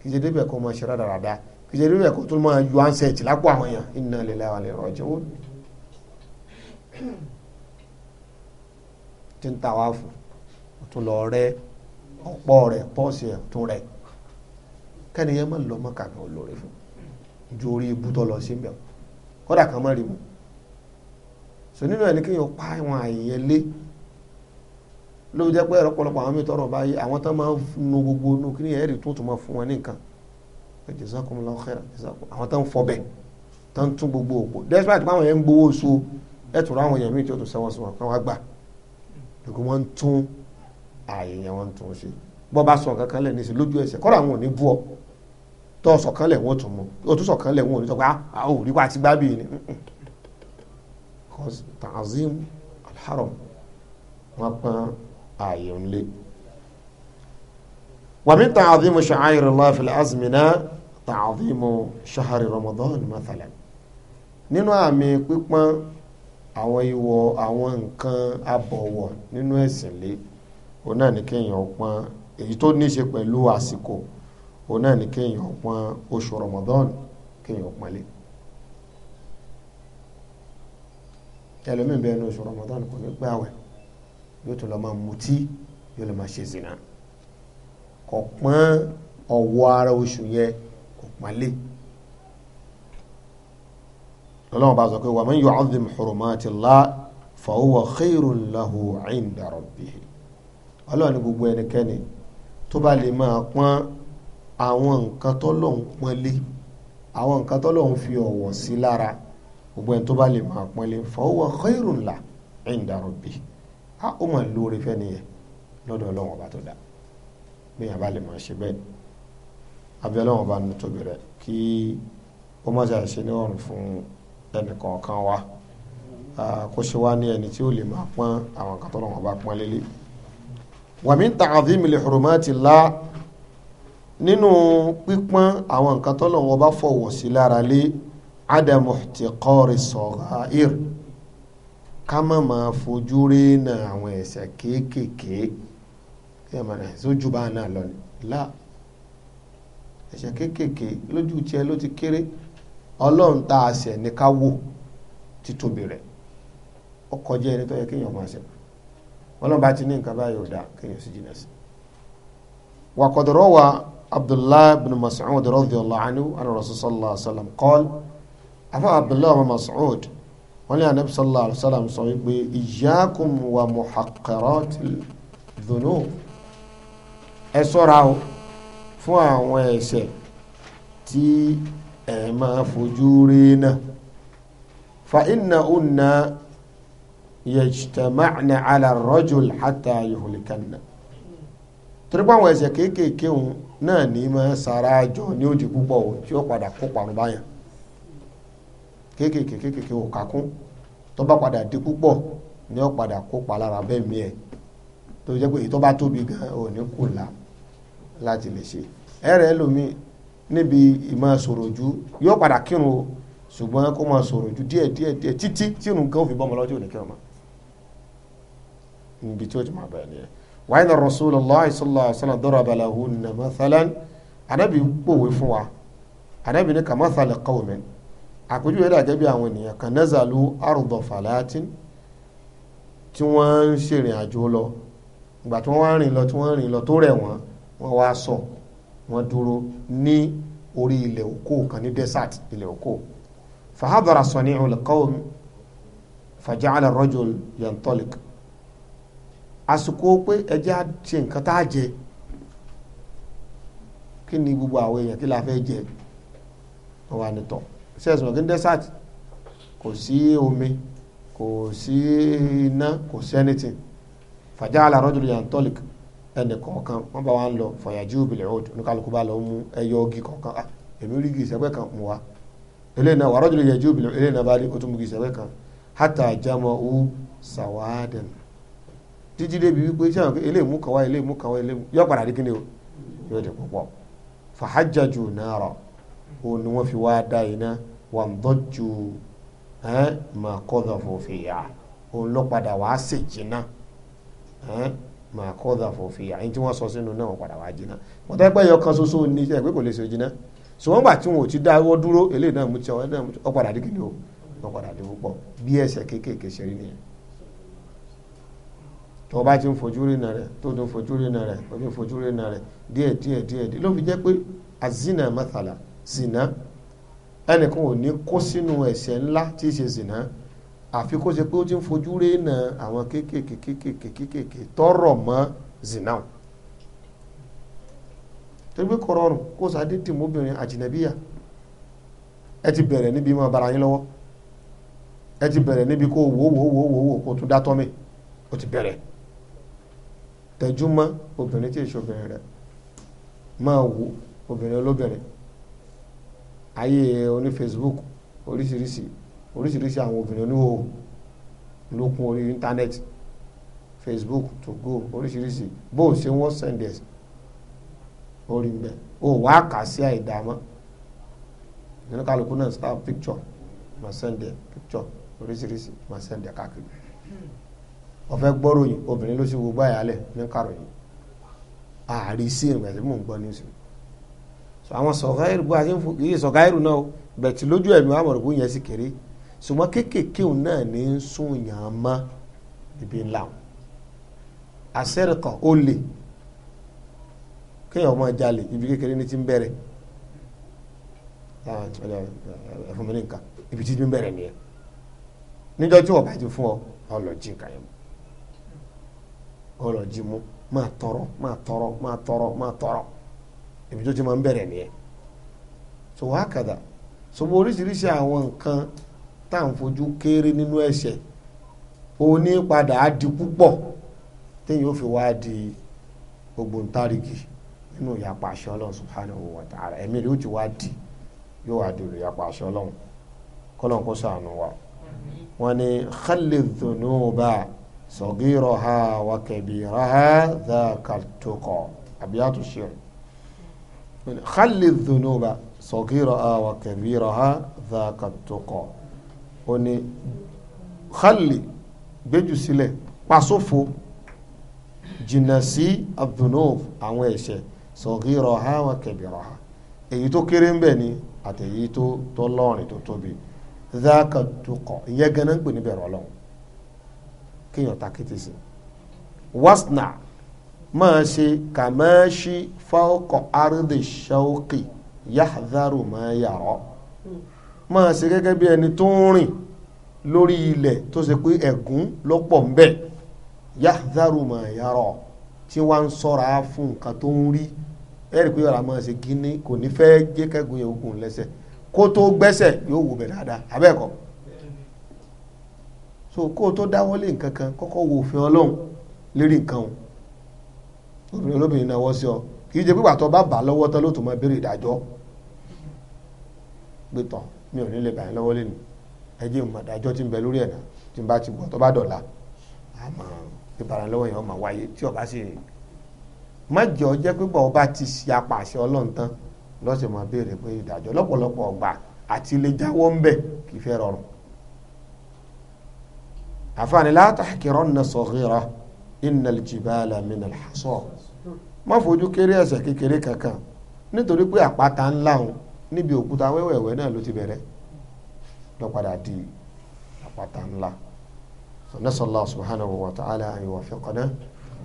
kí jẹ́ débẹ̀ kó máa ṣe rádaràda kí jẹ́ débẹ̀ kó tó máa yọ ansẹ̀tì lápò àwọn èèyàn inna lillahi wa inna ilaihi raji'un tí ń ta wá fún un tún lọ rẹ ọ̀pọ̀ rẹ̀ pọ́ọ̀sì ẹ̀ tún rẹ̀ kẹ́niyẹn má lọ mọ́ kàmí olóore fún ju orí ibùdó lọ sí mbẹ́ kódà kan má rí mu sọ nínú ẹ̀ ní kéèyàn pa àwọn àyẹ̀lé ló jẹ́ pé ẹ̀rọ pọ̀lọpọ̀ àwọn mi tọrọ báyìí àwọn tó máa ń nu gbogbo nu kí ni ẹ̀rì tó tún máa fún wọn ní nǹkan jazakumullahu khairan àwọn tó ń fọbẹ̀ tó ń tún gbogbo òpó despite pé àwọn yẹn ń gbowó oṣù ẹ̀ tún ráwọn yẹn míì tí ó tún sẹ́wọ́n sí wọn kí wọ́n gbà lóko wọ́n ń tún ààyè yẹn wọ́n ń tún ṣe bọ́ bá sọ kankan lẹ̀ níṣẹ́ lójú ẹsẹ̀ kọ́ra àwọn ò bú ọ tọ́ sọ̀kan lẹ̀ wọ́n wọn ah, pọn ààyè ńlẹ̀ wàmí ta'dhimu sha'airillahi fil azmina ta'dhimu shahri ramadan mathalan nínú àmì pípọ́n àwọn ìwọ àwọn nǹkan abọ̀wọ̀ nínú ẹ̀sìn lé òun náà ní kéèyàn pọ́n èyí tó ní í ṣe pẹ̀lú àsìkò òun náà ní kéèyàn pọ́n oṣù ramadan kéèyàn pọ́nlé ẹlòmíín bẹ́ẹ̀ ní oṣù ramadan kò ní gbààwẹ̀ yóò tún lọ máa mutí yóò lọ máa ṣe zina kò pọ́n ọwọ́ ara oṣù yẹn kò pọ́n lé lọ́lọ́wọ́ bá sọ pé wa man yu'azzim hurumatillah fa huwa khairun lahu 'inda rabbih ọlọ́run ní gbogbo ẹnikẹ́ni tó bá lè máa pọ́n àwọn nǹkan tọ́lọ́hun pọ́n lé àwọn nǹkan tọ́lọ́hun fi ọ̀wọ̀ sí lára gbogbo ẹni tó bá lè máa pọ́n lé fa huwa khairun lahu 'inda rabbih á ó mọ̀ lóore fẹ́ nìyẹn lọ́dọ̀ ọlọ́run ọba tó dá bí yàrá lè mọ̀ ṣe bẹ́ẹ̀ abẹ́ ọlọ́run ọba nù tóbi rẹ̀ kí ó mọ̀ ṣàṣe ní ọ̀run fún ẹnìkọ̀ọ̀kan wa kó ṣe wá ní ẹni tí ó lè máa pọ́n àwọn kan tọ́lọ́run ọba pọ́n lélẹ̀ wa min ta'zimi li hurumatillah nínú pípọ́n àwọn nǹkan tọ́lọ́run ọba fọ̀wọ̀ sí lára lé adamu ihtiqari sọ̀rọ̀ ká má máa fojú rí na àwọn ẹ̀ṣẹ̀ kéékèèké kí ẹ mọ̀nà sójú bá náà lọ ni là ẹ̀ṣẹ̀ kéékèèké lójú tiẹ̀ ló ti kéré ọlọ́run tá a ṣẹ̀ ní ká wò títóbi rẹ̀ ó kọjá ẹni tó yẹ kéèyàn máa ṣẹ̀ ọlọ́run bá ti ní nǹkan báyìí ò dáa kéèyàn sì jìnnà sí. wa qad rawa abdullahi bin mas'ud radiyallahu anhu anna rasul sallallahu alaihi wa sallam qala afa abdullahi bin mas'ud wọ́n ní anabi sallallahu alayhi wa sallam sọ wípé iyyakum wa muhaqqarati dhunub ẹ ṣọ́ra o fún àwọn ẹ̀ṣẹ̀ tí ẹ máa fojú rí náà fa inna unna yajtama'na ala ar-rajul hatta yuhlikanna torí àwọn ẹ̀ṣẹ̀ kéékèèké náà ní máa sara jọ ní òdì púpọ̀ tí ó padà kó parun báyàn kéékèèké kéékèèké ò kakún tó bá padà di púpọ̀ ni ó padà kópa lára bẹ́ẹ̀ mi ẹ̀ tó jẹ́ pé èyí tó bá tóbi gan ò ní kù la láti lè ṣe ẹ̀rẹ̀ ẹlòmíì níbi ìmọ̀ sòròjú yóò padà kírun o ṣùgbọ́n kó máa sòròjú díẹ̀ díẹ̀ díẹ̀ títí tírun kan ò fi bọ́mọ lọ́jọ́ òníkẹ́ ọmọ níbi tí ó ti máa bẹ̀rẹ̀ nìyẹn wàá iná Rasulullah sallallahu alaihi wasallam daraba lahunna mathalan anábì ń pòwe fún wa anábì ní kamathali qawmin àpèjúwe dàgẹ́ bí àwọn ènìyàn kan nazalu ardo falatin tí wọ́n ń ṣèrìn àjò lọ ìgbà tí wọ́n wá rìn lọ tí wọ́n rìn lọ tó rẹ̀ wọ́n wọ́n wá sọ wọ́n dúró ní orí ilẹ̀ oko kan ní desert ilẹ̀ oko fahadara sani'ul qawm faja'ala rajul yantolik àsìkò pé ẹja ṣe nǹkan tá a jẹ kí ni gbogbo àwọn èèyàn kí la fẹ́ jẹ wọ́n wá nítọ̀ sẹ́sùn ọ̀gẹ́ desert kò sí omi kò sí iná kò sí anything fàjà alárọ́jọ́ yan tọ́lìk ẹnì kọ̀ọ̀kan wọ́n bá wa ń lọ fọ̀yàjú ìbílẹ̀ ọ̀d oníkálukú bá lọ mú ẹyọ igi kọ̀ọ̀kan ah èmi rí igi ìsẹ́gbẹ́ kan mú wa eléyìí náà wàrọ́jọ́ yan jú ìbílẹ̀ eléyìí náà bá rí o tún mú igi ìsẹ́gbẹ́ kan hátà àjámọ́ ó sàwádẹ́n títí débi wípé sẹ́wọ̀n pé eléyìí mú kan wàndọ́jú máa kọ́dọ̀ òun ló padà wàá sì jìnnà máa kọ́dọ̀ ẹni tí wọ́n sọ sínú náà wọ́n padà wàá jìnnà wọ́n tẹ́ pẹ́ yọ kan ṣoṣo ní kò lè ṣe jìnnà gbà tí wọn ò ti dúró eléyìí náà mú ọ padà dé padà dé púpọ̀ bí ẹsẹ̀ kéékèèké ṣe rí nìyẹn bá ti ń rẹ tó ti ń rẹ tó ti ń fojú rí náà rẹ ló fi pé azina mathala zina ẹnìkan ò ní kó sínú ẹ̀ṣẹ̀ ńlá tí í ṣe zìnà àfi kó ṣe pé ó ti ń fojú ré na àwọn kéékèèké kéékèèké kéékèèké tọrọ mọ́ zìnà o torí pé kọ rọrùn kó sadé dì mọ́bìnrin àjìnàbíyà ẹ ti bẹ̀rẹ̀ níbi mọ́ bara yín lọ́wọ́ ẹ ti bẹ̀rẹ̀ níbi kó wò wò wò wò wò kó tún dátọ́ mi ó ti bẹ̀rẹ̀ tẹjú mọ́ obìnrin tí èso obìnrin rẹ̀ máa wò obìnrin olóbìnrin ayé oní facebook oríṣiríṣi oríṣiríṣi àwọn obìnrin oníhòòhò ló kún orí internet facebook to go oríṣiríṣi bó o ṣe wọ́n sẹ̀ǹdẹ̀ orí mbẹ́ o wá kà sí àìdààmú nínú kálukú náà star picture máa sẹ̀ǹdẹ̀ picture oríṣiríṣi máa sẹ̀ǹdẹ̀ káàkiri ọ̀fẹ́ gbọ́ròyìn obìnrin ló ṣe wo báyà lẹ̀ ní kàròyìn àárí sí ìrìnàjò mò ń gbọ́ ní ìṣòro àwọn sọ̀gáìrù bó a ṣe ń fò kìí sọ̀gáìrù náà o bẹ̀tì lójú ẹ̀mí wa mọ̀rọ̀ bó yẹn sì kéré ṣùgbọ́n kéékèèké òun náà ní ń sún yàn án mọ́ ibi ńlá o àṣẹrìkàn ó lè kéèyàn máa jalè ibi kékeré ní ti ń bẹ̀rẹ̀ ah, ẹ̀fọn mi ní nǹkan ibi tí ti ń bẹ̀rẹ̀ nìyẹn níjọ́ tí wọ́n bá ti fún ọ ọ jí nǹkan yẹn mọ́ ọ jí mú máa tọrọ máa tọrọ máa tọrọ máa tọrọ ibi tó ti máa ń bẹ̀rẹ̀ nìyẹn so wàá kàdà so mo oríṣiríṣi àwọn nǹkan tá à ń fojú kéré nínú ẹ̀ṣẹ̀ òní padà á di púpọ̀ téèyàn ó fi wá di ògbóǹtarìgì nínú ìyapa àṣẹ ọlọ́run subhanahu wa ta'ala ẹ̀mí rẹ̀ ó ti wá di yóò wá di olùyapa àṣẹ ọlọ́run kó sànù wa wọ́n ní khali dhunuba sagiraha wa kabiraha dhaka tuqa abiyatu shir xali dunuba sọgírọ ha wà kẹbírọ ha dàkà tókọ ó ní xali gbẹjù sílẹ̀ pasófo jìnnà sí adunub àwọn ẹ̀ṣẹ̀ sọgírọ ha wà kẹbírọ ha èyí tó kéré ń bẹ ni àtẹ̀yí tó tó lọ́rin tó tóbi dàkà tókọ ìyẹn gẹ́nà ń pè ní bẹ̀rẹ̀ ọlọ́run kéèyàn takété sí wasna máa ṣe fawqa ardi shawqi yahdharu ma yara ma ṣe gege bi eni tó ń rìn lórí ilẹ̀ tó ṣe pé ẹ̀gún ló yahdharu ma yara tí wọ́n ń sọ́ra fún nǹkan tó ń rí ẹ̀rì pé ọ̀rà máa ṣe gíní kò ní fẹ́ jẹ́ kẹ́gùn yẹn ogun lẹ́sẹ̀ kó tó gbẹ́sẹ̀ yóò wò bẹ̀ so ko to wo kì í jẹ́ pípa tó bá bà lọ́wọ́ tán ló tún mọ béèrè ìdájọ́ pé tán mi ò ní lè bà yín lọ́wọ́ lẹ́nu ẹ jẹ́ ìmọ̀ ìdájọ́ tí ń bẹ lórí ẹ̀dá tí ń bá ti bọ̀ tó bá dọ̀la àmọ́ ìbàrànlọ́wọ́ yẹn ọmọ wáyé tí ọba sì rìn má jẹ́ ọ jẹ́ pé ọba ti ṣe apàṣẹ ọlọ́run tán lọ́sẹ̀ máa béèrè pé ìdájọ́ lọ́pọ̀lọpọ̀ ọgbà àti ilé jáwọ́ ń má fojú kéré ẹ̀ṣẹ̀ kékeré kankan nítorí pé àpáta ńlá òun níbi òkúta wẹ́wẹ̀wẹ́ náà ló ti bẹ̀rẹ̀ lọ padà di àpáta ńlá sọ̀nẹ́sọ̀lá subhanahu wa ta'ala an yuwaffiqana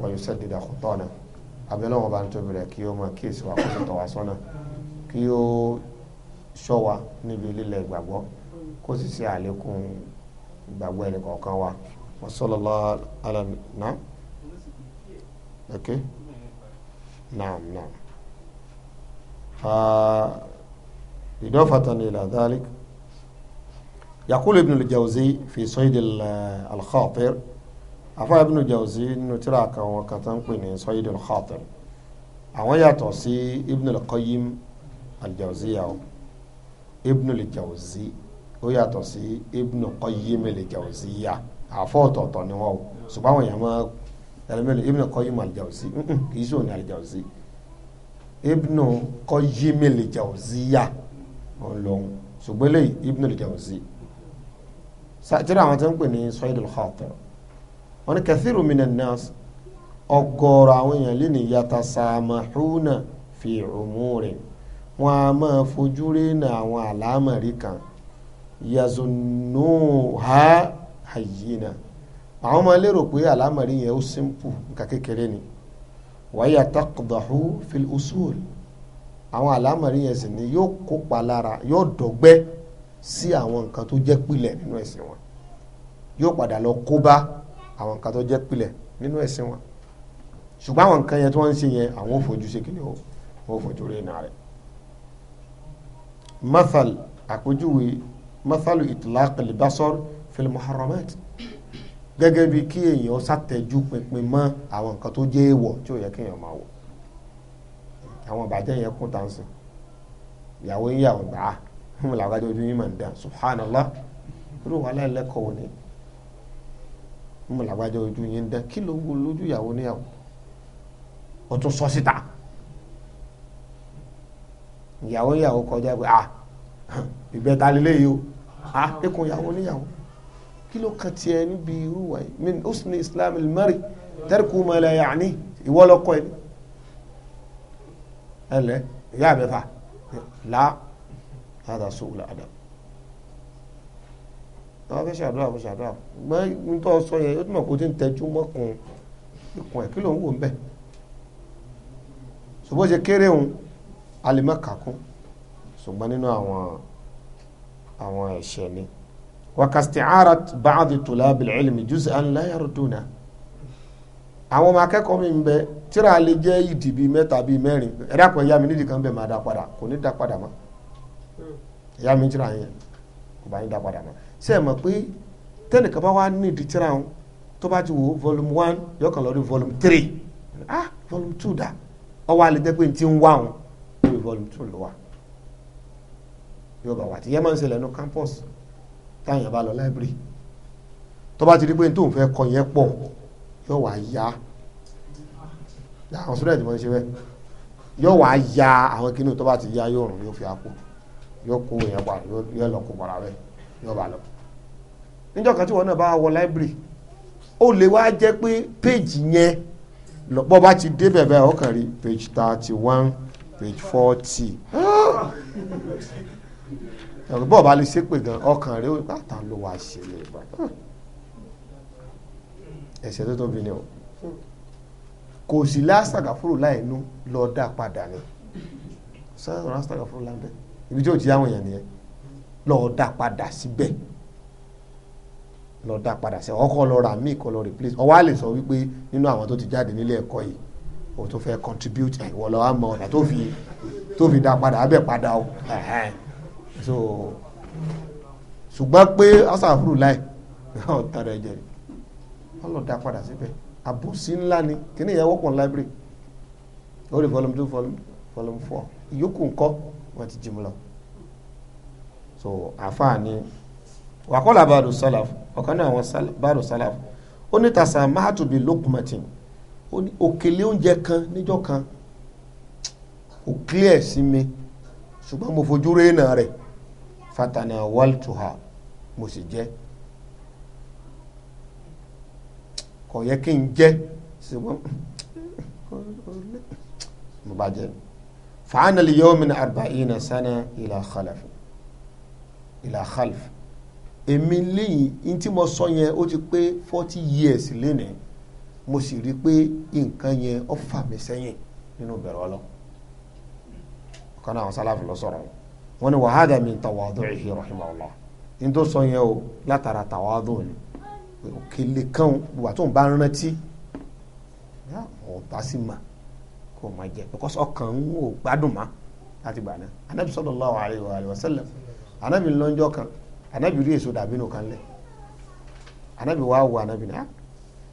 wa yusaddida khutana abẹ́lẹ́ wọn bá ń tóbi rẹ̀ kí ó máa kíyèsí wa kó sì tọ́ wa sọ́nà kí ó ṣọ́ wa níbi lílẹ̀ ìgbàgbọ́ kó sì ṣe àlékún ìgbàgbọ́ ẹnì kọ̀ọ̀kan wa wa sallallahu ala na okay. نعم نعم إضافة إلى ذلك يقول ابن الجوزي في صيد الخاطر أفا ابن الجوزي نتراك وكتن قنين صيد الخاطر أو يتوسي ابن القيم الجوزي أو ابن الجوزي أو يتوسي ابن قيم الجوزي عفوت وطنوه سبحانه يمك ẹlẹmẹlẹ Ibn Qayyim al-Jawzi kì í sòun ní al-Jawzi Ibn Qayyim al-Jawziya ọlọ́run ṣùgbọ́n lè Ibn al-Jawzi sátírà àwọn tó ń pè ní Sayyid al-Khatir wọn ni kathiru minan nas ọ̀gọ̀rọ̀ àwọn èèyàn lè ní yatasamahuna fi umuri wọn a máa fojú rí na àwọn àlámọ̀rí kan yazunnuha hayyina àwọn ọmọ lérò pé àlámọ̀rí yẹn ó simple nǹkan kékeré ni wáyà taqdahu fil usul àwọn àlámọ̀rí yẹn sì ni yóò kópa lára yóò dọ̀gbẹ́ sí àwọn nǹkan tó jẹ́ pilẹ̀ nínú ẹ̀sìn wọn yóò padà lọ kó bá àwọn nǹkan tó jẹ́ pilẹ̀ nínú ẹ̀sìn wọn ṣùgbọ́n àwọn nǹkan yẹn tí wọ́n ń ṣe yẹn àwọn ò fojú ṣe kíni o ò fojú rí iná rẹ̀. mathal àpèjúwe mathalu itlaq al fil muharramat gẹ́gẹ́ bí kí èèyàn ṣàtẹ́jú pinpin mọ́ àwọn nǹkan tó jẹ́ èèwọ̀ tí ò yẹ kí èèyàn máa wọ̀ àwọn ìbàjẹ́ yẹn kún tá ń sìn ìyàwó yíyà ọ̀gbà fún mi làwọn ojú yín máa ń dà subhanallah irú wàhálà ẹlẹ́kọ̀ọ́ wò ni fún mi làwọn ojú yín ń dà kí ló ń wo lójú ìyàwó níyàwó ó tún sọ síta ìyàwó yíyàwó kọjá pé ah ìgbẹ́ta lélẹ́yìí o ah ikùn ìyàwó níyàwó kí ló kan tiẹ̀ níbi irú wa yìí min usni islam al-mari tarku ma la ya'ni ìwọ lọkọ ẹ ní ẹ lẹ ìyá mi fa la hada su'ul adab àwọn fẹ́ ṣàdúrà fún ṣàdúrà gbọ́n ní tó sọ yẹn ó túnmọ̀ kó tí ń tẹ́jú mọ́kùn ikùn ẹ̀ kí ló ń wò ń bẹ̀ ṣùgbọ́n ṣe kéré òun a lè ṣùgbọ́n nínú àwọn àwọn ẹ̀ṣẹ̀ ni wakastiarat baadi tulabil ilmi juz'an la yarduna àwọn ọmọ akẹ́kọ̀ọ́ mi ń bẹ tíra lè jẹ́ ìdì bíi mẹ́ta bíi mẹ́rin ẹ̀rẹ́ àpò ẹ̀yà mi nídìí kan bẹ́ẹ̀ máa dá padà kò ní dá padà mọ́ ẹ̀yà mi tíra yẹn kò bá yín dá padà mọ́ ṣé ẹ mọ̀ pé tẹ́nìkan bá wà nídìí tíra wọn tó bá ti wò volume one yọkàn lọ rí volume three ah volume two dà ọwọ́ alẹ́ jẹ́ pé n ti ń wá wọn lórí volume two ló wà yóò bá wà tí yẹn máa ń ṣẹlẹ̀ ní campus táwọn bá lọ láìbírì tó bá ti rí pé tóun fẹ́ kọ yẹn pọ̀ yóò wá ya àwọn student mọ̀ ṣe bẹ́ẹ̀ yóò wá ya àwọn kínní tó bá ti ya yóò rùn yóò fi àpò yóò kó èèyàn pa yóò lọ kó para rẹ yóò bá lọ. níjọ́ kan tí wọn náà bá wọ láìbírì ó lè wá jẹ́ pé péjì yẹn bọ́ bá ti dé bẹ̀bẹ̀ ọkàn rí page thirty one page forty bọ́ọ̀ bá lè ṣépè gan ọkàn rẹ ó bàtà ló wà ṣe lè bá ẹ̀ṣẹ̀ tó tóbi ni o kò sí lásàgàfúrò láìnú lọ dá padà ni sọ́yìn lásàgàfúrò lábẹ́ ibi tí ó ti yáwọn èèyàn nìyẹn lọ dá padà síbẹ̀ lọ dá padà sí ọkọ lọ rà míì kọ lọ replace ọwọ́ àlè sọ wípé nínú àwọn tó ti jáde nílé ẹ̀kọ́ yìí o tó fẹ́ contribute ẹ̀wọ̀ lọ́wọ́ mọ ọ̀nà tó fi tó dá padà abẹ́ padà o so ṣùgbọ́n pé asàfúrù láì ọ̀tàrà ẹ̀jẹ̀ rẹ̀ wọ́n lọ dá padà síbẹ̀ àbòsí ńlá ni kí ni ìyẹn wọ́pọ̀ library ó lè volume two volume four ìyókù ńkọ́ wọ́n ti jìmọ̀ lọ so àfáà ni wàkọ́lá bàdù sálàf ọ̀kan náà àwọn bàdù sálàf ó ní tàṣà máàtúbi lókùmọ̀tì ó ní òkèlè oúnjẹ kan níjọ́ kan ò clear sí mi ṣùgbọ́n mo fojú rẹ́ẹ̀nà rẹ̀ fatana waltuha mo sì jẹ kò yẹ kí n jẹ ṣùgbọ́n mo bá jẹ fàánà lè yọ min arba'ina sana ila khalaf ila khalf èmi lẹ́yìn in tí mo sọ yẹn ti pé forty years lẹ́nìí mo sì rí i pé nǹkan yẹn ó fà mí sẹ́yìn nínú ìbẹ̀rù ọlọ́ ọ̀kan náà àwọn wọn ni wàhádà mi tawadu'ihi rahimahullah ní tó sọ yẹn o látara tawadu ni òkèlè kan wà tó ń bá rántí ọba sì mà kó má jẹ because ọkàn ń wò gbádùn má láti gbà náà anabi sallallahu alayhi wa sallam anabi lọ́njọ́ kan anabi rí èso dàbí nù kan lẹ̀ anabi wàá wo anabi náà ah,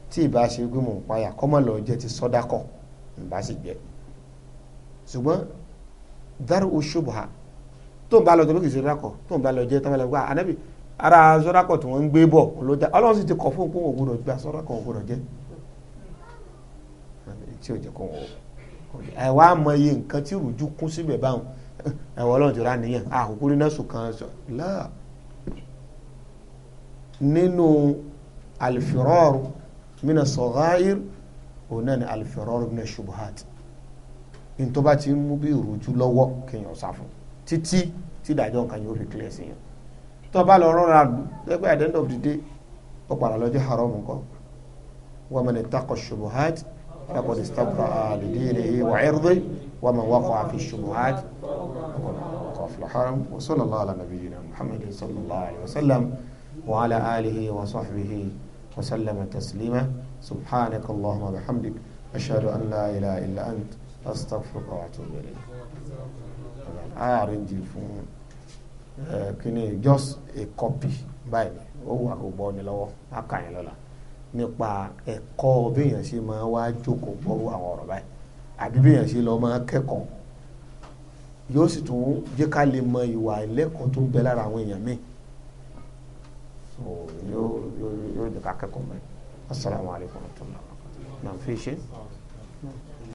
tí ìbá ṣe pé mò ń kọ́mọ lọ jẹ ti sọ́dá ìbá sì jẹ ṣùgbọ́n dárò ṣubha tó ń bá lọ tó lókè sọdákọ tó ń bá lọ jẹ tó ń bá lọ gbà ànábì ara sọdákọ tí wọn ń gbé bọ ọlọjà Ọlọ́run sì ti kọ fún òun ògbọ́dọ̀ gbà sọdákọ ògbọ́dọ̀ jẹ tí ò jẹ kó wọn ẹ wá mọ iye nǹkan tí rùjú kún síbẹ̀ báwọn ẹwọ Ọlọ́run ti rà nìyẹn àkókò nínú ẹsùn kan sọ láà nínú alifirọrù mina sọgáyìr òun náà ni alifirọrù mina ṣubuhat ntọ́ba ti ń mú bí rùjú lọ́wọ́ kéèyàn sá títí tí ìdájọ́ kan yóò fi clear sí yẹn tó o bá lọ rọra lẹ́gbẹ́ at the end of the day ó padà lọ́jọ́ haram nǹkan wa man ittaqa shubuhat faqad istabra'a li dinihi wa 'irdihi wa man waqa'a fi shubuhat waqa'a fil haram wa sallallahu ala nabiyyina muhammadin sallallahu alayhi wa sallam wa ala alihi wa sahbihi wa sallam taslima subhanaka allahumma wa bihamdik ashhadu an la ilaha illa ant astaghfiruka wa atubu ilayk àárẹ̀njì fún kíni just a copy báyìí ó wà kó bọ́ ni lọ́wọ́ á kà yín lọ́la nípa ẹ̀kọ́ béèyàn ṣe máa wá jókòó gbọ́rú àwọn ọ̀rọ̀ báyìí àbí béèyàn ṣe lọ́ọ́ máa kẹ́kọ̀ọ́ yóò sì tún jẹ́ ká lè mọ ìwà ẹlẹ́kọ̀ọ́ tó ń bẹ lára àwọn èèyàn míì yóò yóò yóò jẹ́ ká kẹ́kọ̀ọ́ mẹ́ asalaamualeykum wa rahmatulah naam fi ṣe.